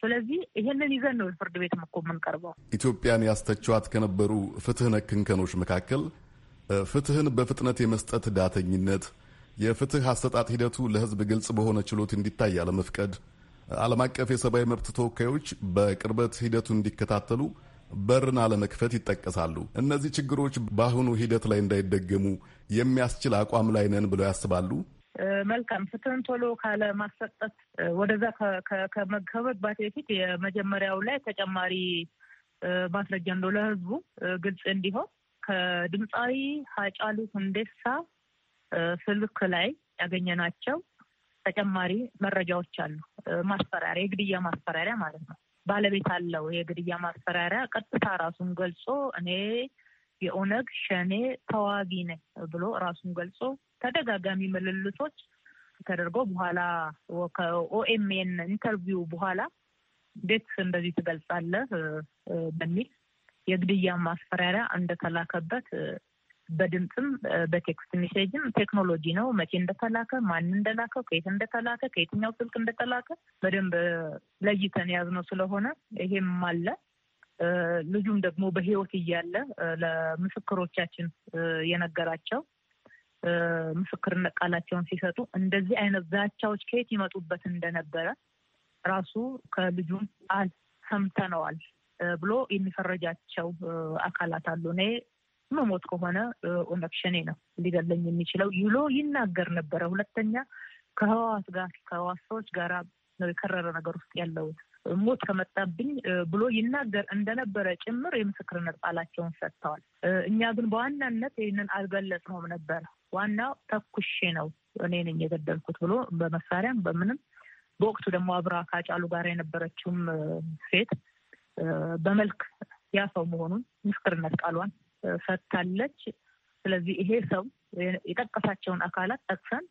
S3: ስለዚህ ይህንን ይዘን ነው ፍርድ ቤት እኮ የምንቀርበው።
S7: ኢትዮጵያን ያስተቸዋት ከነበሩ ፍትህ ነክ እንከኖች መካከል ፍትህን በፍጥነት የመስጠት ዳተኝነት፣ የፍትህ አሰጣጥ ሂደቱ ለህዝብ ግልጽ በሆነ ችሎት እንዲታይ አለመፍቀድ፣ ዓለም አቀፍ የሰብአዊ መብት ተወካዮች በቅርበት ሂደቱ እንዲከታተሉ በርን አለመክፈት ይጠቀሳሉ። እነዚህ ችግሮች በአሁኑ ሂደት ላይ እንዳይደገሙ የሚያስችል አቋም ላይ ነን ብለው ያስባሉ።
S3: መልካም ፍትህን ቶሎ ካለማሰጠት ወደዛ ከመገበባት በፊት የመጀመሪያው ላይ ተጨማሪ ማስረጃ እንደው ለህዝቡ ግልጽ እንዲሆን ከድምፃዊ ሀጫሉ ሁንዴሳ ስልክ ላይ ያገኘናቸው ተጨማሪ መረጃዎች አሉ። ማስፈራሪያ፣ የግድያ ማስፈራሪያ ማለት ነው። ባለቤት አለው። የግድያ ማስፈራሪያ ቀጥታ ራሱን ገልጾ እኔ የኦነግ ሸኔ ተዋጊ ነኝ ብሎ ራሱን ገልጾ ተደጋጋሚ ምልልሶች ተደርጎ በኋላ ከኦኤምኤን ኢንተርቪው በኋላ እንዴት እንደዚህ ትገልጻለህ በሚል የግድያ ማስፈራሪያ እንደተላከበት በድምፅም በቴክስት ሜሴጅም ቴክኖሎጂ ነው። መቼ እንደተላከ፣ ማን እንደላከው፣ ከየት እንደተላከ፣ ከየትኛው ስልክ እንደተላከ በደንብ ለይተን ነው ስለሆነ ይሄም አለ። ልጁም ደግሞ በሕይወት እያለ ለምስክሮቻችን የነገራቸው ምስክርነት ቃላቸውን ሲሰጡ እንደዚህ አይነት ዛቻዎች ከየት ይመጡበት እንደነበረ ራሱ ከልጁም ቃል ሰምተነዋል። ብሎ የሚፈረጃቸው አካላት አሉ። እኔ መሞት ከሆነ ኦነግ ሸኔ ነው ሊገለኝ የሚችለው ይሎ ይናገር ነበረ። ሁለተኛ ከህዋስ ጋር ከህዋስ ሰዎች ጋር ነው የከረረ ነገር ውስጥ ያለው ሞት ከመጣብኝ ብሎ ይናገር እንደነበረ ጭምር የምስክርነት ቃላቸውን ሰጥተዋል። እኛ ግን በዋናነት ይህንን አልገለጽነውም ነበረ። ዋናው ተኩሼ ነው እኔ ነኝ የገደልኩት ብሎ በመሳሪያም በምንም በወቅቱ ደግሞ አብራ ካጫሉ ጋር የነበረችውም ሴት በመልክ ያ ሰው መሆኑን ምስክርነት ቃሏን ሰጥታለች። ስለዚህ ይሄ ሰው የጠቀሳቸውን አካላት ጠቅሰን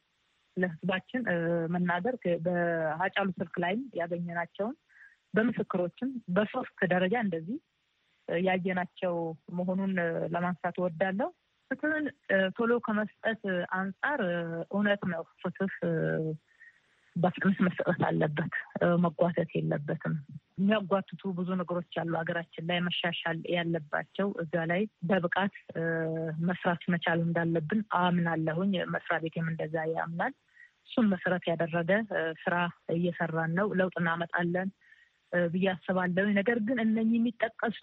S3: ለህዝባችን መናገር በሀጫሉ ስልክ ላይም ያገኘናቸውን በምስክሮችም በሶስት ደረጃ እንደዚህ ያየናቸው መሆኑን ለማንሳት እወዳለሁ። ፍትህን ቶሎ ከመስጠት አንጻር እውነት ነው ፍትህ በፍጥነት መሰጠት አለበት፣ መጓተት የለበትም። የሚያጓትቱ ብዙ ነገሮች አሉ ሀገራችን ላይ መሻሻል ያለባቸው እዚያ ላይ በብቃት መስራት መቻል እንዳለብን አምናለሁኝ። መስሪያ ቤቴም እንደዛ ያምናል። እሱን መሰረት ያደረገ ስራ እየሰራን ነው። ለውጥ እናመጣለን ብዬ አስባለሁ። ነገር ግን እነኚህ የሚጠቀሱ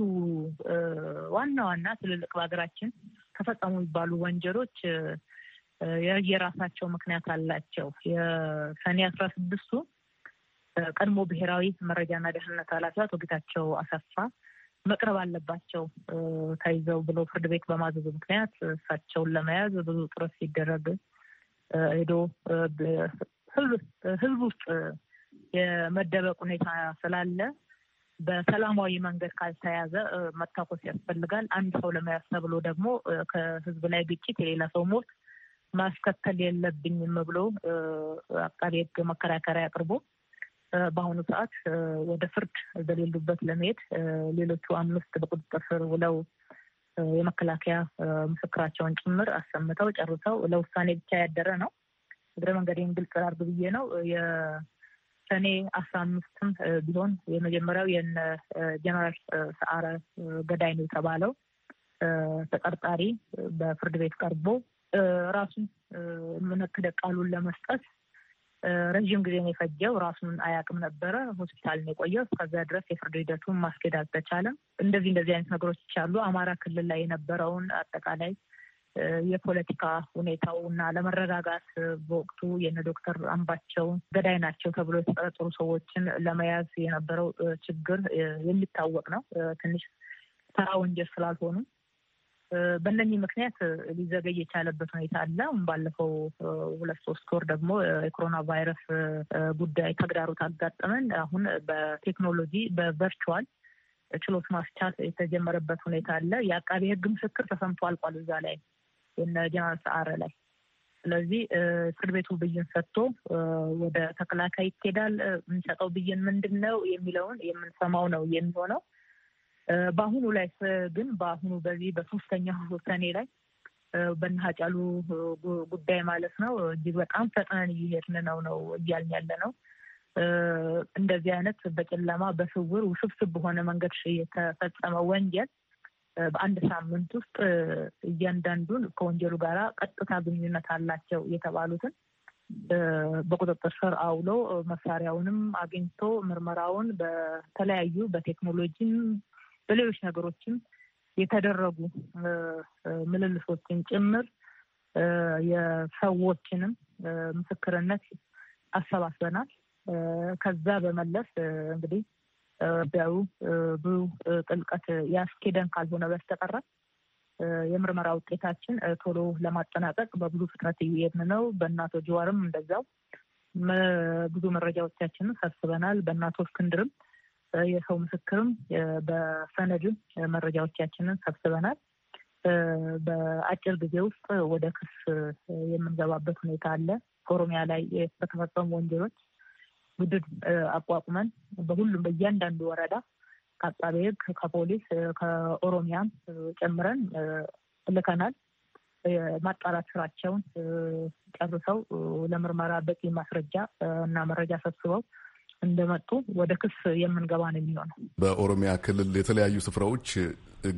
S3: ዋና ዋና ትልልቅ በሀገራችን ተፈጸሙ የሚባሉ ወንጀሎች የየራሳቸው ምክንያት አላቸው። የሰኔ አስራ ስድስቱ ቀድሞ ብሔራዊ መረጃና ደህንነት ኃላፊ አቶ ጌታቸው አሰፋ መቅረብ አለባቸው ተይዘው ብሎ ፍርድ ቤት በማዘዙ ምክንያት እሳቸውን ለመያዝ ብዙ ጥረት ሲደረግ ሄዶ ህዝብ ውስጥ የመደበቅ ሁኔታ ስላለ በሰላማዊ መንገድ ካልተያዘ መታኮስ ያስፈልጋል። አንድ ሰው ለመያዝ ተብሎ ደግሞ ከህዝብ ላይ ግጭት የሌላ ሰው ሞት ማስከተል የለብኝም ብሎ አቃቤ ሕግ መከራከሪያ አቅርቦ በአሁኑ ሰዓት ወደ ፍርድ በሌሉበት ለመሄድ ሌሎቹ አምስት በቁጥጥር ስር ውለው የመከላከያ ምስክራቸውን ጭምር አሰምተው ጨርሰው ለውሳኔ ብቻ ያደረ ነው። እግረ መንገዴን ግልጽ አድርግ ብዬ ነው። የሰኔ አስራ አምስትም ቢሆን የመጀመሪያው የነ ጀነራል ሰዓረ ገዳይ ነው የተባለው ተጠርጣሪ በፍርድ ቤት ቀርቦ ራሱን መነክደ ቃሉን ለመስጠት ረዥም ጊዜ ነው የፈጀው። ራሱን አያውቅም ነበረ። ሆስፒታል ነው የቆየው። እስከዛ ድረስ የፍርድ ሂደቱን ማስኬድ አልተቻለም። እንደዚህ እንደዚህ አይነት ነገሮች ይቻሉ። አማራ ክልል ላይ የነበረውን አጠቃላይ የፖለቲካ ሁኔታው እና ለመረጋጋት በወቅቱ የነ ዶክተር አምባቸው ገዳይ ናቸው ተብሎ የተጠረጠሩ ሰዎችን ለመያዝ የነበረው ችግር የሚታወቅ ነው። ትንሽ ተራ ወንጀል ስላልሆኑም በእነኚህ ምክንያት ሊዘገይ የቻለበት ሁኔታ አለ። ባለፈው ሁለት ሶስት ወር ደግሞ የኮሮና ቫይረስ ጉዳይ ተግዳሮት አጋጠመን። አሁን በቴክኖሎጂ በቨርቹዋል ችሎት ማስቻት የተጀመረበት ሁኔታ አለ። የአቃቢ ሕግ ምስክር ተሰምቶ አልቋል እዛ ላይ የነ ጀነራል ሰዓረ ላይ። ስለዚህ ፍርድ ቤቱ ብይን ሰጥቶ ወደ ተከላካይ ይኬዳል። የሚሰጠው ብይን ምንድን ነው የሚለውን የምንሰማው ነው የሚሆነው። በአሁኑ ላይ ግን በአሁኑ በዚህ በሶስተኛው ሰኔ ላይ በእነ ሀጫሉ ጉዳይ ማለት ነው እጅግ በጣም ፈጥነን እየሄድን ነው ነው እያልን ያለ ነው። እንደዚህ አይነት በጨለማ በስውር ውስብስብ በሆነ መንገድ የተፈጸመ ወንጀል በአንድ ሳምንት ውስጥ እያንዳንዱን ከወንጀሉ ጋር ቀጥታ ግንኙነት አላቸው የተባሉትን በቁጥጥር ስር አውሎ መሳሪያውንም አግኝቶ ምርመራውን በተለያዩ በቴክኖሎጂም በሌሎች ነገሮችም የተደረጉ ምልልሶችን ጭምር የሰዎችንም ምስክርነት አሰባስበናል። ከዛ በመለስ እንግዲህ ጉዳዩ ብዙ ጥልቀት ያስኬደን ካልሆነ በስተቀረ የምርመራ ውጤታችን ቶሎ ለማጠናቀቅ በብዙ ፍጥነት እየሄድን ነው። በእናቶ ጅዋርም እንደዛው ብዙ መረጃዎቻችንን ሰብስበናል። በእናቶ እስክንድርም የሰው ምስክርም በሰነድም መረጃዎቻችንን ሰብስበናል። በአጭር ጊዜ ውስጥ ወደ ክስ የምንገባበት ሁኔታ አለ። ኦሮሚያ ላይ በተፈጸሙ ወንጀሎች ቡድን አቋቁመን በሁሉም በእያንዳንዱ ወረዳ ከአቃቤ ሕግ ከፖሊስ ከኦሮሚያም ጨምረን ልከናል። የማጣራት ስራቸውን ጨርሰው ለምርመራ በቂ ማስረጃ እና መረጃ ሰብስበው እንደመጡ ወደ ክስ የምንገባ ነው የሚሆነው።
S7: በኦሮሚያ ክልል የተለያዩ ስፍራዎች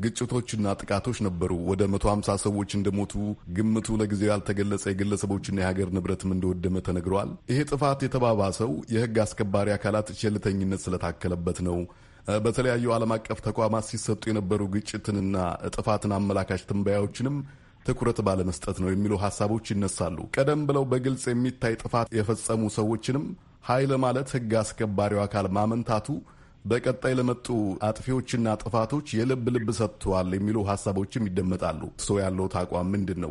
S7: ግጭቶችና ጥቃቶች ነበሩ። ወደ መቶ ሀምሳ ሰዎች እንደሞቱ ግምቱ ለጊዜው ያልተገለጸ የግለሰቦችና የሀገር ንብረትም እንደወደመ ተነግረዋል። ይሄ ጥፋት የተባባሰው የህግ አስከባሪ አካላት ቸልተኝነት ስለታከለበት ነው። በተለያዩ ዓለም አቀፍ ተቋማት ሲሰጡ የነበሩ ግጭትንና ጥፋትን አመላካች ትንበያዎችንም ትኩረት ባለመስጠት ነው የሚሉ ሀሳቦች ይነሳሉ። ቀደም ብለው በግልጽ የሚታይ ጥፋት የፈጸሙ ሰዎችንም ኃይል ማለት ሕግ አስከባሪው አካል ማመንታቱ በቀጣይ ለመጡ አጥፊዎችና ጥፋቶች የልብ ልብ ሰጥተዋል የሚሉ ሀሳቦችም ይደመጣሉ። እሶ ያለውት አቋም ምንድን ነው?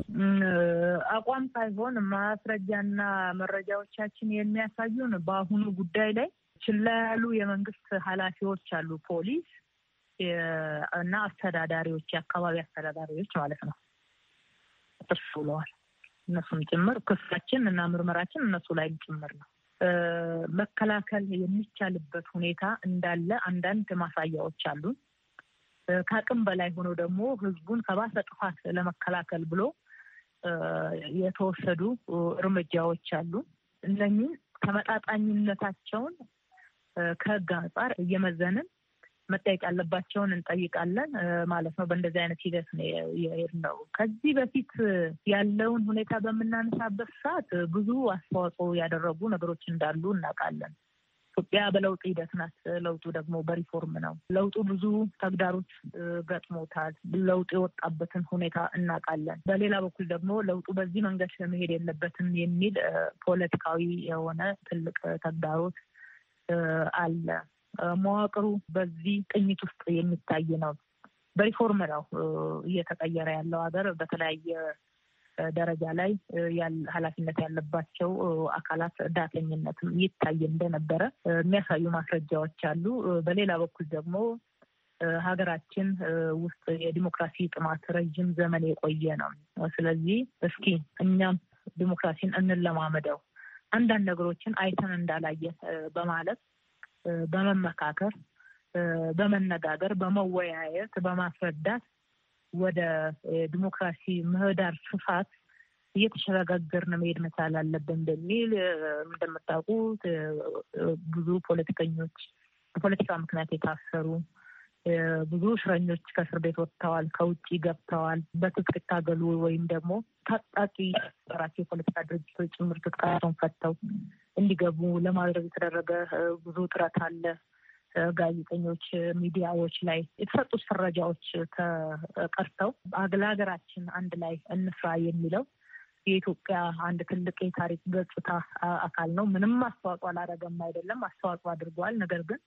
S3: አቋም ሳይሆን ማስረጃና መረጃዎቻችን የሚያሳዩን በአሁኑ ጉዳይ ላይ ችላ ያሉ የመንግስት ኃላፊዎች አሉ፣ ፖሊስ እና አስተዳዳሪዎች፣ የአካባቢ አስተዳዳሪዎች ማለት ነው። ጥርስ ብለዋል እነሱም ጭምር ክሳችን እና ምርመራችን እነሱ ላይ ጭምር ነው። መከላከል የሚቻልበት ሁኔታ እንዳለ አንዳንድ ማሳያዎች አሉ። ከአቅም በላይ ሆኖ ደግሞ ህዝቡን ከባሰ ጥፋት ለመከላከል ብሎ የተወሰዱ እርምጃዎች አሉ። እነኚህ ተመጣጣኝነታቸውን ከህግ አንጻር እየመዘንን መጠየቅ ያለባቸውን እንጠይቃለን ማለት ነው። በእንደዚህ አይነት ሂደት ነው የሄድነው። ከዚህ በፊት ያለውን ሁኔታ በምናነሳበት ሰዓት ብዙ አስተዋጽኦ ያደረጉ ነገሮች እንዳሉ እናውቃለን። ኢትዮጵያ በለውጥ ሂደት ናት። ለውጡ ደግሞ በሪፎርም ነው። ለውጡ ብዙ ተግዳሮች ገጥሞታል። ለውጡ የወጣበትን ሁኔታ እናውቃለን። በሌላ በኩል ደግሞ ለውጡ በዚህ መንገድ መሄድ የለበትም የሚል ፖለቲካዊ የሆነ ትልቅ ተግዳሮት አለ። መዋቅሩ በዚህ ቅኝት ውስጥ የሚታይ ነው። በሪፎርም ነው እየተቀየረ ያለው ሀገር በተለያየ ደረጃ ላይ ኃላፊነት ያለባቸው አካላት ዳተኝነት ይታይ እንደነበረ የሚያሳዩ ማስረጃዎች አሉ። በሌላ በኩል ደግሞ ሀገራችን ውስጥ የዲሞክራሲ ጥማት ረዥም ዘመን የቆየ ነው። ስለዚህ እስኪ እኛም ዲሞክራሲን እንለማመደው አንዳንድ ነገሮችን አይተን እንዳላየን በማለት በመመካከር፣ በመነጋገር፣ በመወያየት፣ በማስረዳት ወደ ዲሞክራሲ ምህዳር ስፋት እየተሸጋገርን መሄድ መቻል አለብን በሚል እንደምታውቁት ብዙ ፖለቲከኞች በፖለቲካ ምክንያት የታሰሩ ብዙ እስረኞች ከእስር ቤት ወጥተዋል፣ ከውጭ ገብተዋል። በትጥቅ ይታገሉ ወይም ደግሞ ታጣቂ ራቸው የፖለቲካ ድርጅቶች ጭምር ትጥቃቸውን ፈተው እንዲገቡ ለማድረግ የተደረገ ብዙ ጥረት አለ። ጋዜጠኞች፣ ሚዲያዎች ላይ የተሰጡት ፈረጃዎች ተቀርተው ለሀገራችን አንድ ላይ እንስራ የሚለው የኢትዮጵያ አንድ ትልቅ የታሪክ ገጽታ አካል ነው። ምንም አስተዋጽኦ አላደረገም አይደለም፣ አስተዋጽኦ አድርጓል። ነገር ግን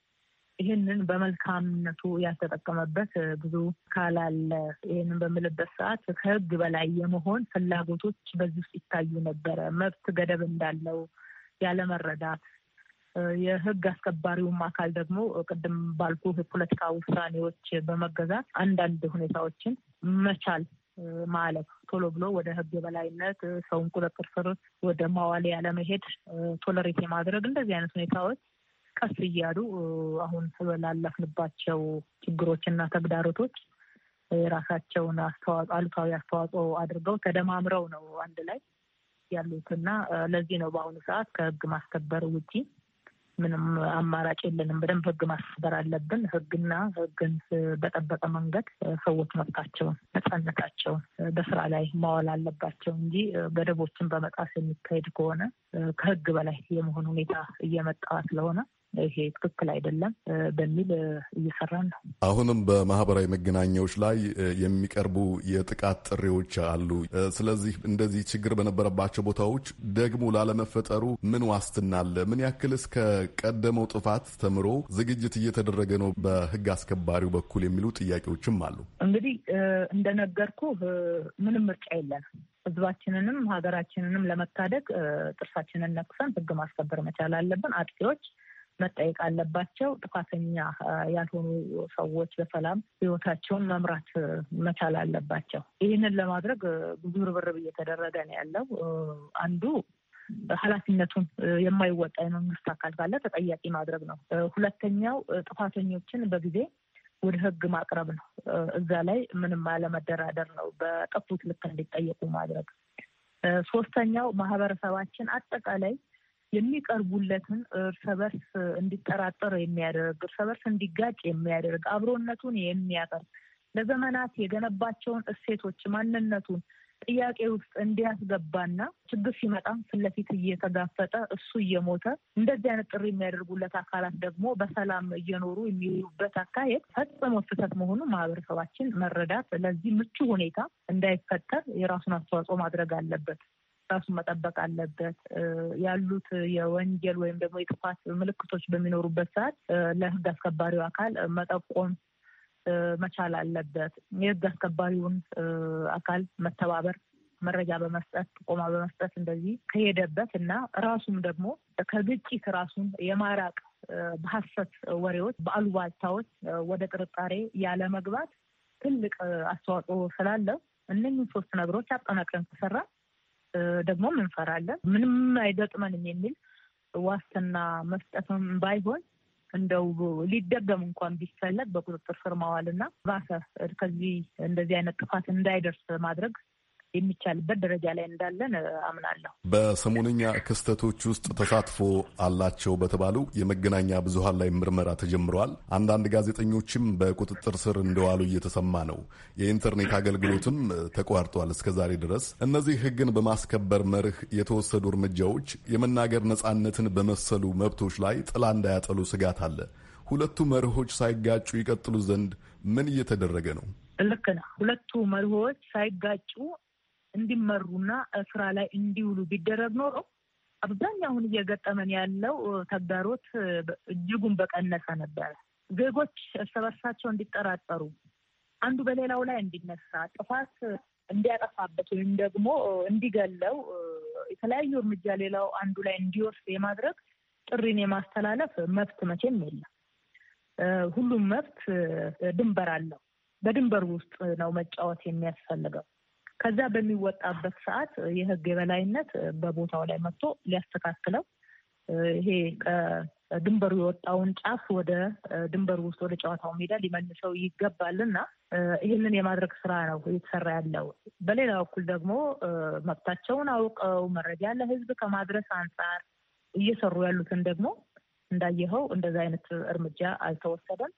S3: ይህንን በመልካምነቱ ያልተጠቀመበት ብዙ ካላለ ይህንን በምልበት ሰዓት ከህግ በላይ የመሆን ፍላጎቶች በዚህ ውስጥ ይታዩ ነበረ። መብት ገደብ እንዳለው ያለመረዳት የህግ አስከባሪውም አካል ደግሞ ቅድም ባልኩ የፖለቲካ ውሳኔዎች በመገዛት አንዳንድ ሁኔታዎችን መቻል ማለት ቶሎ ብሎ ወደ ህግ የበላይነት ሰውን ቁጥጥር ስር ወደ ማዋል ያለመሄድ ቶለሬት የማድረግ እንደዚህ አይነት ሁኔታዎች ቀስ እያሉ አሁን ስበላለፍንባቸው ችግሮችና ተግዳሮቶች የራሳቸውን አሉታዊ አስተዋጽኦ አድርገው ተደማምረው ነው አንድ ላይ ያሉት እና ለዚህ ነው በአሁኑ ሰዓት ከህግ ማስከበር ውጪ ምንም አማራጭ የለንም። በደንብ ህግ ማስከበር አለብን። ህግና ህግን በጠበቀ መንገድ ሰዎች መብታቸውን፣ ነጻነታቸውን በስራ ላይ ማዋል አለባቸው እንጂ ገደቦችን በመጣስ የሚካሄድ ከሆነ ከህግ በላይ የመሆን ሁኔታ እየመጣ ስለሆነ ይሄ ትክክል አይደለም በሚል እየሰራን ነው።
S7: አሁንም በማህበራዊ መገናኛዎች ላይ የሚቀርቡ የጥቃት ጥሪዎች አሉ። ስለዚህ እንደዚህ ችግር በነበረባቸው ቦታዎች ደግሞ ላለመፈጠሩ ምን ዋስትና አለ? ምን ያክልስ ከቀደመው ጥፋት ተምሮ ዝግጅት እየተደረገ ነው በህግ አስከባሪው በኩል የሚሉ ጥያቄዎችም አሉ።
S3: እንግዲህ እንደነገርኩ ምንም ምርጫ የለን ህዝባችንንም ሀገራችንንም ለመታደግ ጥርሳችንን ነክሰን ህግ ማስከበር መቻል አለብን። አጥቂዎች መጠየቅ አለባቸው። ጥፋተኛ ያልሆኑ ሰዎች በሰላም ህይወታቸውን መምራት መቻል አለባቸው። ይህንን ለማድረግ ብዙ ርብርብ እየተደረገ ነው ያለው። አንዱ ኃላፊነቱን የማይወጣ የመንግስት አካል ካለ ተጠያቂ ማድረግ ነው። ሁለተኛው ጥፋተኞችን በጊዜ ወደ ህግ ማቅረብ ነው። እዛ ላይ ምንም አለመደራደር ነው። በጠፉት ልክ እንዲጠየቁ ማድረግ። ሶስተኛው ማህበረሰባችን አጠቃላይ የሚቀርቡለትን እርስ በርስ እንዲጠራጠር የሚያደርግ እርስ በርስ እንዲጋጭ የሚያደርግ አብሮነቱን የሚያቀርብ ለዘመናት የገነባቸውን እሴቶች ማንነቱን ጥያቄ ውስጥ እንዲያስገባና ችግር ሲመጣ ፊት ለፊት እየተጋፈጠ እሱ እየሞተ እንደዚህ አይነት ጥሪ የሚያደርጉለት አካላት ደግሞ በሰላም እየኖሩ የሚውሉበት አካሄድ ፈጽሞ ስህተት መሆኑን ማህበረሰባችን መረዳት፣ ለዚህ ምቹ ሁኔታ እንዳይፈጠር የራሱን አስተዋጽኦ ማድረግ አለበት። ራሱን መጠበቅ አለበት። ያሉት የወንጀል ወይም ደግሞ የጥፋት ምልክቶች በሚኖሩበት ሰዓት ለህግ አስከባሪው አካል መጠቆም መቻል አለበት። የህግ አስከባሪውን አካል መተባበር መረጃ በመስጠት ጥቆማ በመስጠት እንደዚህ ከሄደበት እና ራሱም ደግሞ ከግጭት ራሱን የማራቅ በሀሰት ወሬዎች፣ በአሉባልታዎች ወደ ጥርጣሬ ያለ መግባት ትልቅ አስተዋጽኦ ስላለው እነኝህ ሶስት ነገሮች አጠናቅረን ከሰራ ደግሞ እንፈራለን። ምንም አይገጥመንም የሚል ዋስትና መስጠትም ባይሆን እንደው ሊደገም እንኳን ቢፈለግ በቁጥጥር ስር ማዋልና ባሰ ከዚህ እንደዚህ አይነት ጥፋት እንዳይደርስ ማድረግ የሚቻልበት ደረጃ ላይ እንዳለን አምናለሁ።
S7: በሰሞነኛ ክስተቶች ውስጥ ተሳትፎ አላቸው በተባሉ የመገናኛ ብዙሀን ላይ ምርመራ ተጀምረዋል። አንዳንድ ጋዜጠኞችም በቁጥጥር ስር እንደዋሉ እየተሰማ ነው። የኢንተርኔት አገልግሎትም ተቋርጧል እስከዛሬ ድረስ። እነዚህ ህግን በማስከበር መርህ የተወሰዱ እርምጃዎች የመናገር ነጻነትን በመሰሉ መብቶች ላይ ጥላ እንዳያጠሉ ስጋት አለ። ሁለቱ መርሆች ሳይጋጩ ይቀጥሉ ዘንድ ምን እየተደረገ ነው?
S3: ልክ ነው። ሁለቱ መርሆች ሳይጋጩ እንዲመሩና ስራ ላይ እንዲውሉ ቢደረግ ኖሮ አብዛኛውን እየገጠመን ያለው ተግዳሮት እጅጉን በቀነሰ ነበረ። ዜጎች እርስ በርሳቸው እንዲጠራጠሩ፣ አንዱ በሌላው ላይ እንዲነሳ፣ ጥፋት እንዲያጠፋበት ወይም ደግሞ እንዲገለው የተለያዩ እርምጃ ሌላው አንዱ ላይ እንዲወስድ የማድረግ ጥሪን የማስተላለፍ መብት መቼም የለም። ሁሉም መብት ድንበር አለው። በድንበር ውስጥ ነው መጫወት የሚያስፈልገው። ከዛ በሚወጣበት ሰዓት የህግ የበላይነት በቦታው ላይ መጥቶ ሊያስተካክለው ይሄ ከድንበሩ የወጣውን ጫፍ ወደ ድንበሩ ውስጥ ወደ ጨዋታው ሜዳ ሊመልሰው ይገባልና ይህንን የማድረግ ስራ ነው እየተሰራ ያለው። በሌላ በኩል ደግሞ መብታቸውን አውቀው መረጃ ለህዝብ ከማድረስ አንጻር እየሰሩ ያሉትን ደግሞ እንዳየኸው እንደዛ አይነት እርምጃ አልተወሰደም።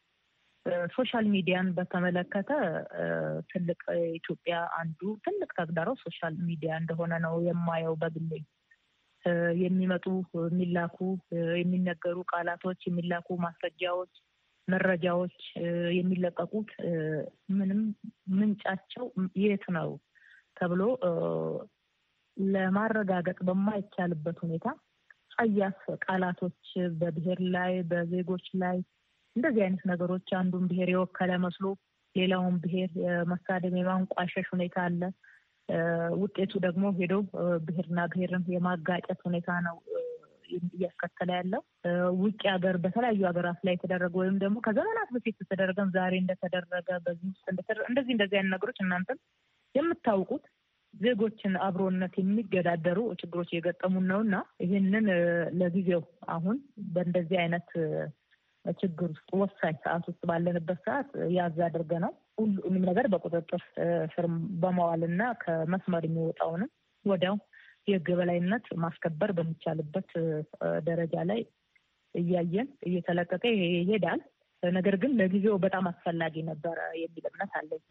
S3: ሶሻል ሚዲያን በተመለከተ ትልቅ ኢትዮጵያ አንዱ ትልቅ ተግዳሮት ሶሻል ሚዲያ እንደሆነ ነው የማየው በግሌ። የሚመጡ የሚላኩ የሚነገሩ ቃላቶች፣ የሚላኩ ማስረጃዎች፣ መረጃዎች የሚለቀቁት ምንም ምንጫቸው የት ነው ተብሎ ለማረጋገጥ በማይቻልበት ሁኔታ ጸያፍ ቃላቶች በብሔር ላይ በዜጎች ላይ እንደዚህ አይነት ነገሮች አንዱን ብሔር የወከለ መስሎ ሌላውን ብሔር የመሳደም የማንቋሸሽ ሁኔታ አለ። ውጤቱ ደግሞ ሄዶ ብሔርና ብሔርን የማጋጨት ሁኔታ ነው እያስከተለ ያለው። ውጭ ሀገር በተለያዩ ሀገራት ላይ የተደረገ ወይም ደግሞ ከዘመናት በፊት የተደረገም ዛሬ እንደተደረገ በዚህ ውስጥ እንደዚህ እንደዚህ አይነት ነገሮች እናንተም የምታውቁት ዜጎችን አብሮነት የሚገዳደሩ ችግሮች እየገጠሙን ነው እና ይህንን ለጊዜው አሁን በእንደዚህ አይነት ችግር ውስጥ ወሳኝ ሰዓት ውስጥ ባለንበት ሰዓት ያዝ ነው ሁሉም ነገር በቁጥጥር ስር በመዋልና ከመስመር የሚወጣውንም ወዲያው የህግ ማስከበር በሚቻልበት ደረጃ ላይ እያየን እየተለቀቀ ይሄዳል። ነገር ግን ለጊዜው በጣም አስፈላጊ ነበረ የሚል እምነት አለኝ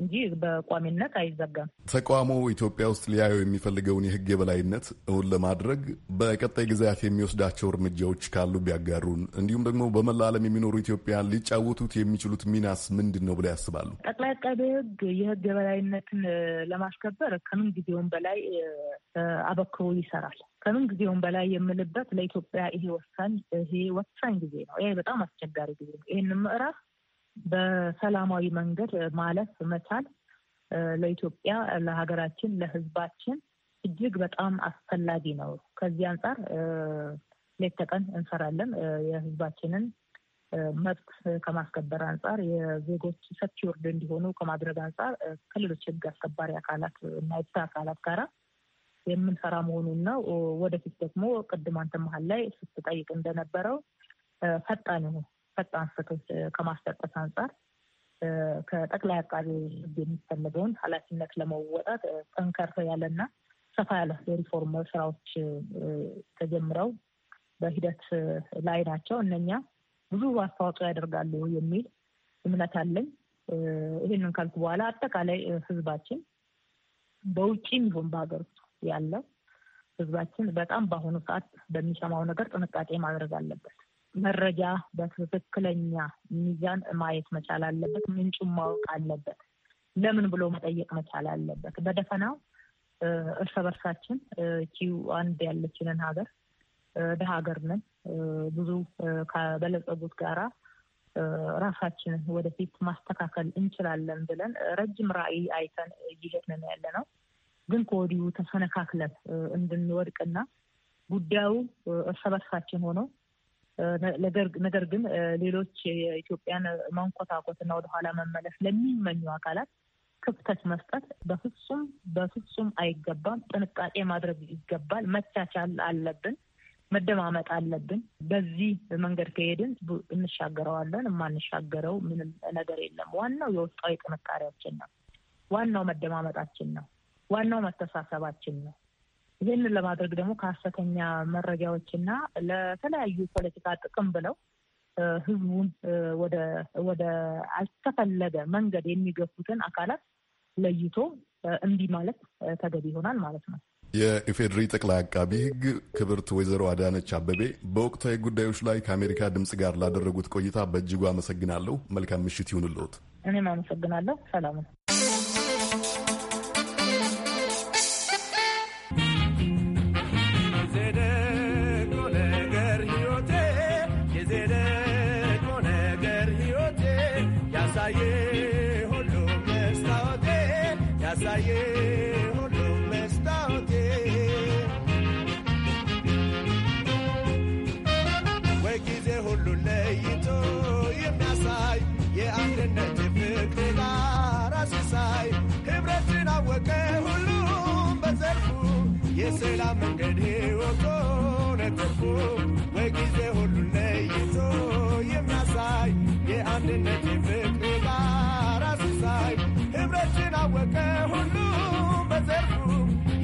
S3: እንጂ በቋሚነት አይዘጋም።
S7: ተቋሙ ኢትዮጵያ ውስጥ ሊያየው የሚፈልገውን የህግ የበላይነት እውን ለማድረግ በቀጣይ ጊዜያት የሚወስዳቸው እርምጃዎች ካሉ ቢያጋሩን፣ እንዲሁም ደግሞ በመላ ዓለም የሚኖሩ ኢትዮጵያን ሊጫወቱት የሚችሉት ሚናስ ምንድን ነው ብለው ያስባሉ?
S3: ጠቅላይ አቃቤ ህግ የህግ የበላይነትን ለማስከበር ከምን ጊዜውም በላይ አበክሮ ይሰራል። ከምን ጊዜውም በላይ የምልበት ለኢትዮጵያ ይሄ ወሳኝ ይሄ ወሳኝ ጊዜ ነው። ይሄ በጣም አስቸጋሪ ጊዜ ነው። ይህን ምዕራፍ በሰላማዊ መንገድ ማለፍ መቻል ለኢትዮጵያ፣ ለሀገራችን፣ ለሕዝባችን እጅግ በጣም አስፈላጊ ነው። ከዚህ አንጻር ሌት ተቀን እንሰራለን። የሕዝባችንን መብት ከማስከበር አንጻር የዜጎች ሰፊ እንዲሆኑ ከማድረግ አንጻር ከሌሎች ሕግ አስከባሪ አካላት እና የፍትህ አካላት ጋራ የምንሰራ መሆኑን ነው። ወደፊት ደግሞ ቅድም አንተ መሀል ላይ ስትጠይቅ እንደነበረው ፈጣን ፈጣን ፍትህ ከማስጠጠስ አንጻር ከጠቅላይ አቃቢ ሕግ የሚፈልገውን ኃላፊነት ለመወጣት ጠንከር ያለና ሰፋ ያለ የሪፎርም ስራዎች ተጀምረው በሂደት ላይ ናቸው። እነኛ ብዙ አስተዋጽኦ ያደርጋሉ የሚል እምነት አለኝ። ይህንን ካልኩ በኋላ አጠቃላይ ሕዝባችን በውጭም ይሁን በሀገር ውስጥ ያለው ህዝባችን በጣም በአሁኑ ሰዓት በሚሰማው ነገር ጥንቃቄ ማድረግ አለበት። መረጃ በትክክለኛ ሚዛን ማየት መቻል አለበት። ምንጩን ማወቅ አለበት። ለምን ብሎ መጠየቅ መቻል አለበት። በደፈናው እርስ በርሳችን እቺው አንድ ያለችንን ሀገር ድሀ ሀገር ነን። ብዙ ከበለጸጉት ጋራ ራሳችንን ወደፊት ማስተካከል እንችላለን ብለን ረጅም ራዕይ አይተን እየሄድን ያለ ነው። ግን ከወዲሁ ተሰነካክለን እንድንወድቅና ጉዳዩ እርስ በርሳችን ነገር ግን ሌሎች የኢትዮጵያን መንኮታኮትና ወደኋላ መመለስ ለሚመኙ አካላት ክፍተት መስጠት በፍጹም በፍጹም አይገባም። ጥንቃቄ ማድረግ ይገባል። መቻቻል አለብን። መደማመጥ አለብን። በዚህ መንገድ ከሄድን እንሻገረዋለን። የማንሻገረው ምንም ነገር የለም። ዋናው የውስጣዊ ጥንካሬያችን ነው። ዋናው መደማመጣችን ነው። ዋናው መተሳሰባችን ነው። ይህንን ለማድረግ ደግሞ ከሀሰተኛ መረጃዎችና ለተለያዩ ፖለቲካ ጥቅም ብለው ህዝቡን ወደ አልተፈለገ መንገድ የሚገፉትን አካላት ለይቶ እምቢ ማለት ተገቢ ይሆናል ማለት ነው።
S7: የኢፌድሪ ጠቅላይ አቃቢ ህግ ክብርት ወይዘሮ አዳነች አበቤ በወቅታዊ ጉዳዮች ላይ ከአሜሪካ ድምፅ ጋር ላደረጉት ቆይታ በእጅጉ አመሰግናለሁ። መልካም ምሽት ይሁንልዎት።
S3: እኔም አመሰግናለሁ። ሰላም ነው።
S13: አንድነት ፍቅር የጋራ ሲሳይ ህብረትን አወቀ ሁሉም በዘርፉ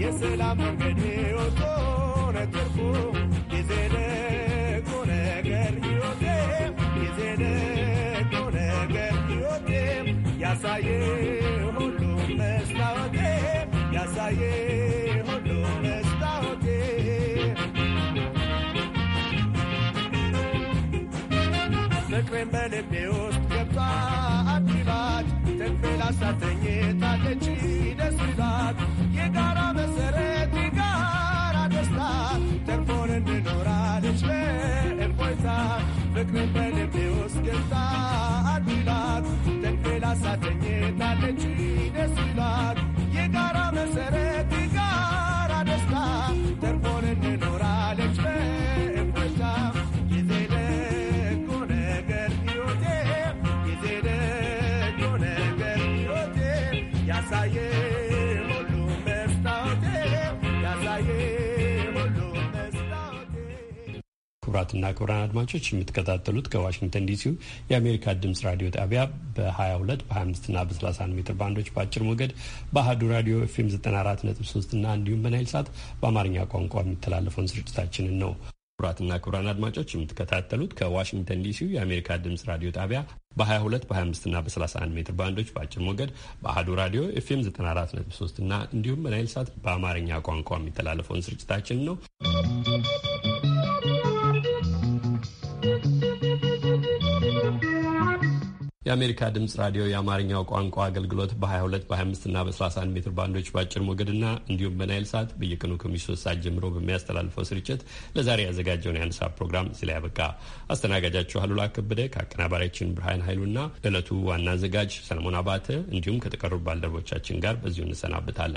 S13: የሰላም መንገድ ወቶ ነትርፉ ጊዜ Thank you.
S2: ክቡራትና ክቡራን አድማጮች የምትከታተሉት ከዋሽንግተን ዲሲው የአሜሪካ ድምጽ ራዲዮ ጣቢያ በ22 በ25 ና በ31 ሜትር ባንዶች በአጭር ሞገድ በአህዱ ራዲዮ ኤፍኤም 94.3 እና እንዲሁም በናይል ሳት በአማርኛ ቋንቋ የሚተላለፈውን ስርጭታችንን ነው። ክቡራትና ክቡራን አድማጮች የምትከታተሉት ከዋሽንግተን ዲሲው የአሜሪካ ድምጽ ራዲዮ ጣቢያ በ22 በ25 ና በ31 ሜትር ባንዶች በአጭር ሞገድ በአህዱ ራዲዮ ኤፍኤም 94.3 እና እንዲሁም በናይል ሳት በአማርኛ ቋንቋ የሚተላለፈውን ስርጭታችን ነው። የአሜሪካ ድምጽ ራዲዮ የአማርኛው ቋንቋ አገልግሎት በ22 በ25 እና በ31 ሜትር ባንዶች በአጭር ሞገድና እንዲሁም በናይል ሰዓት በየቀኑ ከምሽቱ ሶስት ሰዓት ጀምሮ በሚያስተላልፈው ስርጭት ለዛሬ ያዘጋጀውን የአንድ ሰዓት ፕሮግራም ስለ ያበቃ አስተናጋጃችሁ አሉላ ከበደ ከአቀናባሪያችን ብርሃን ኃይሉና ዕለቱ ዋና አዘጋጅ ሰለሞን አባተ እንዲሁም ከተቀሩ ባልደረቦቻችን ጋር በዚሁ እንሰናብታለን።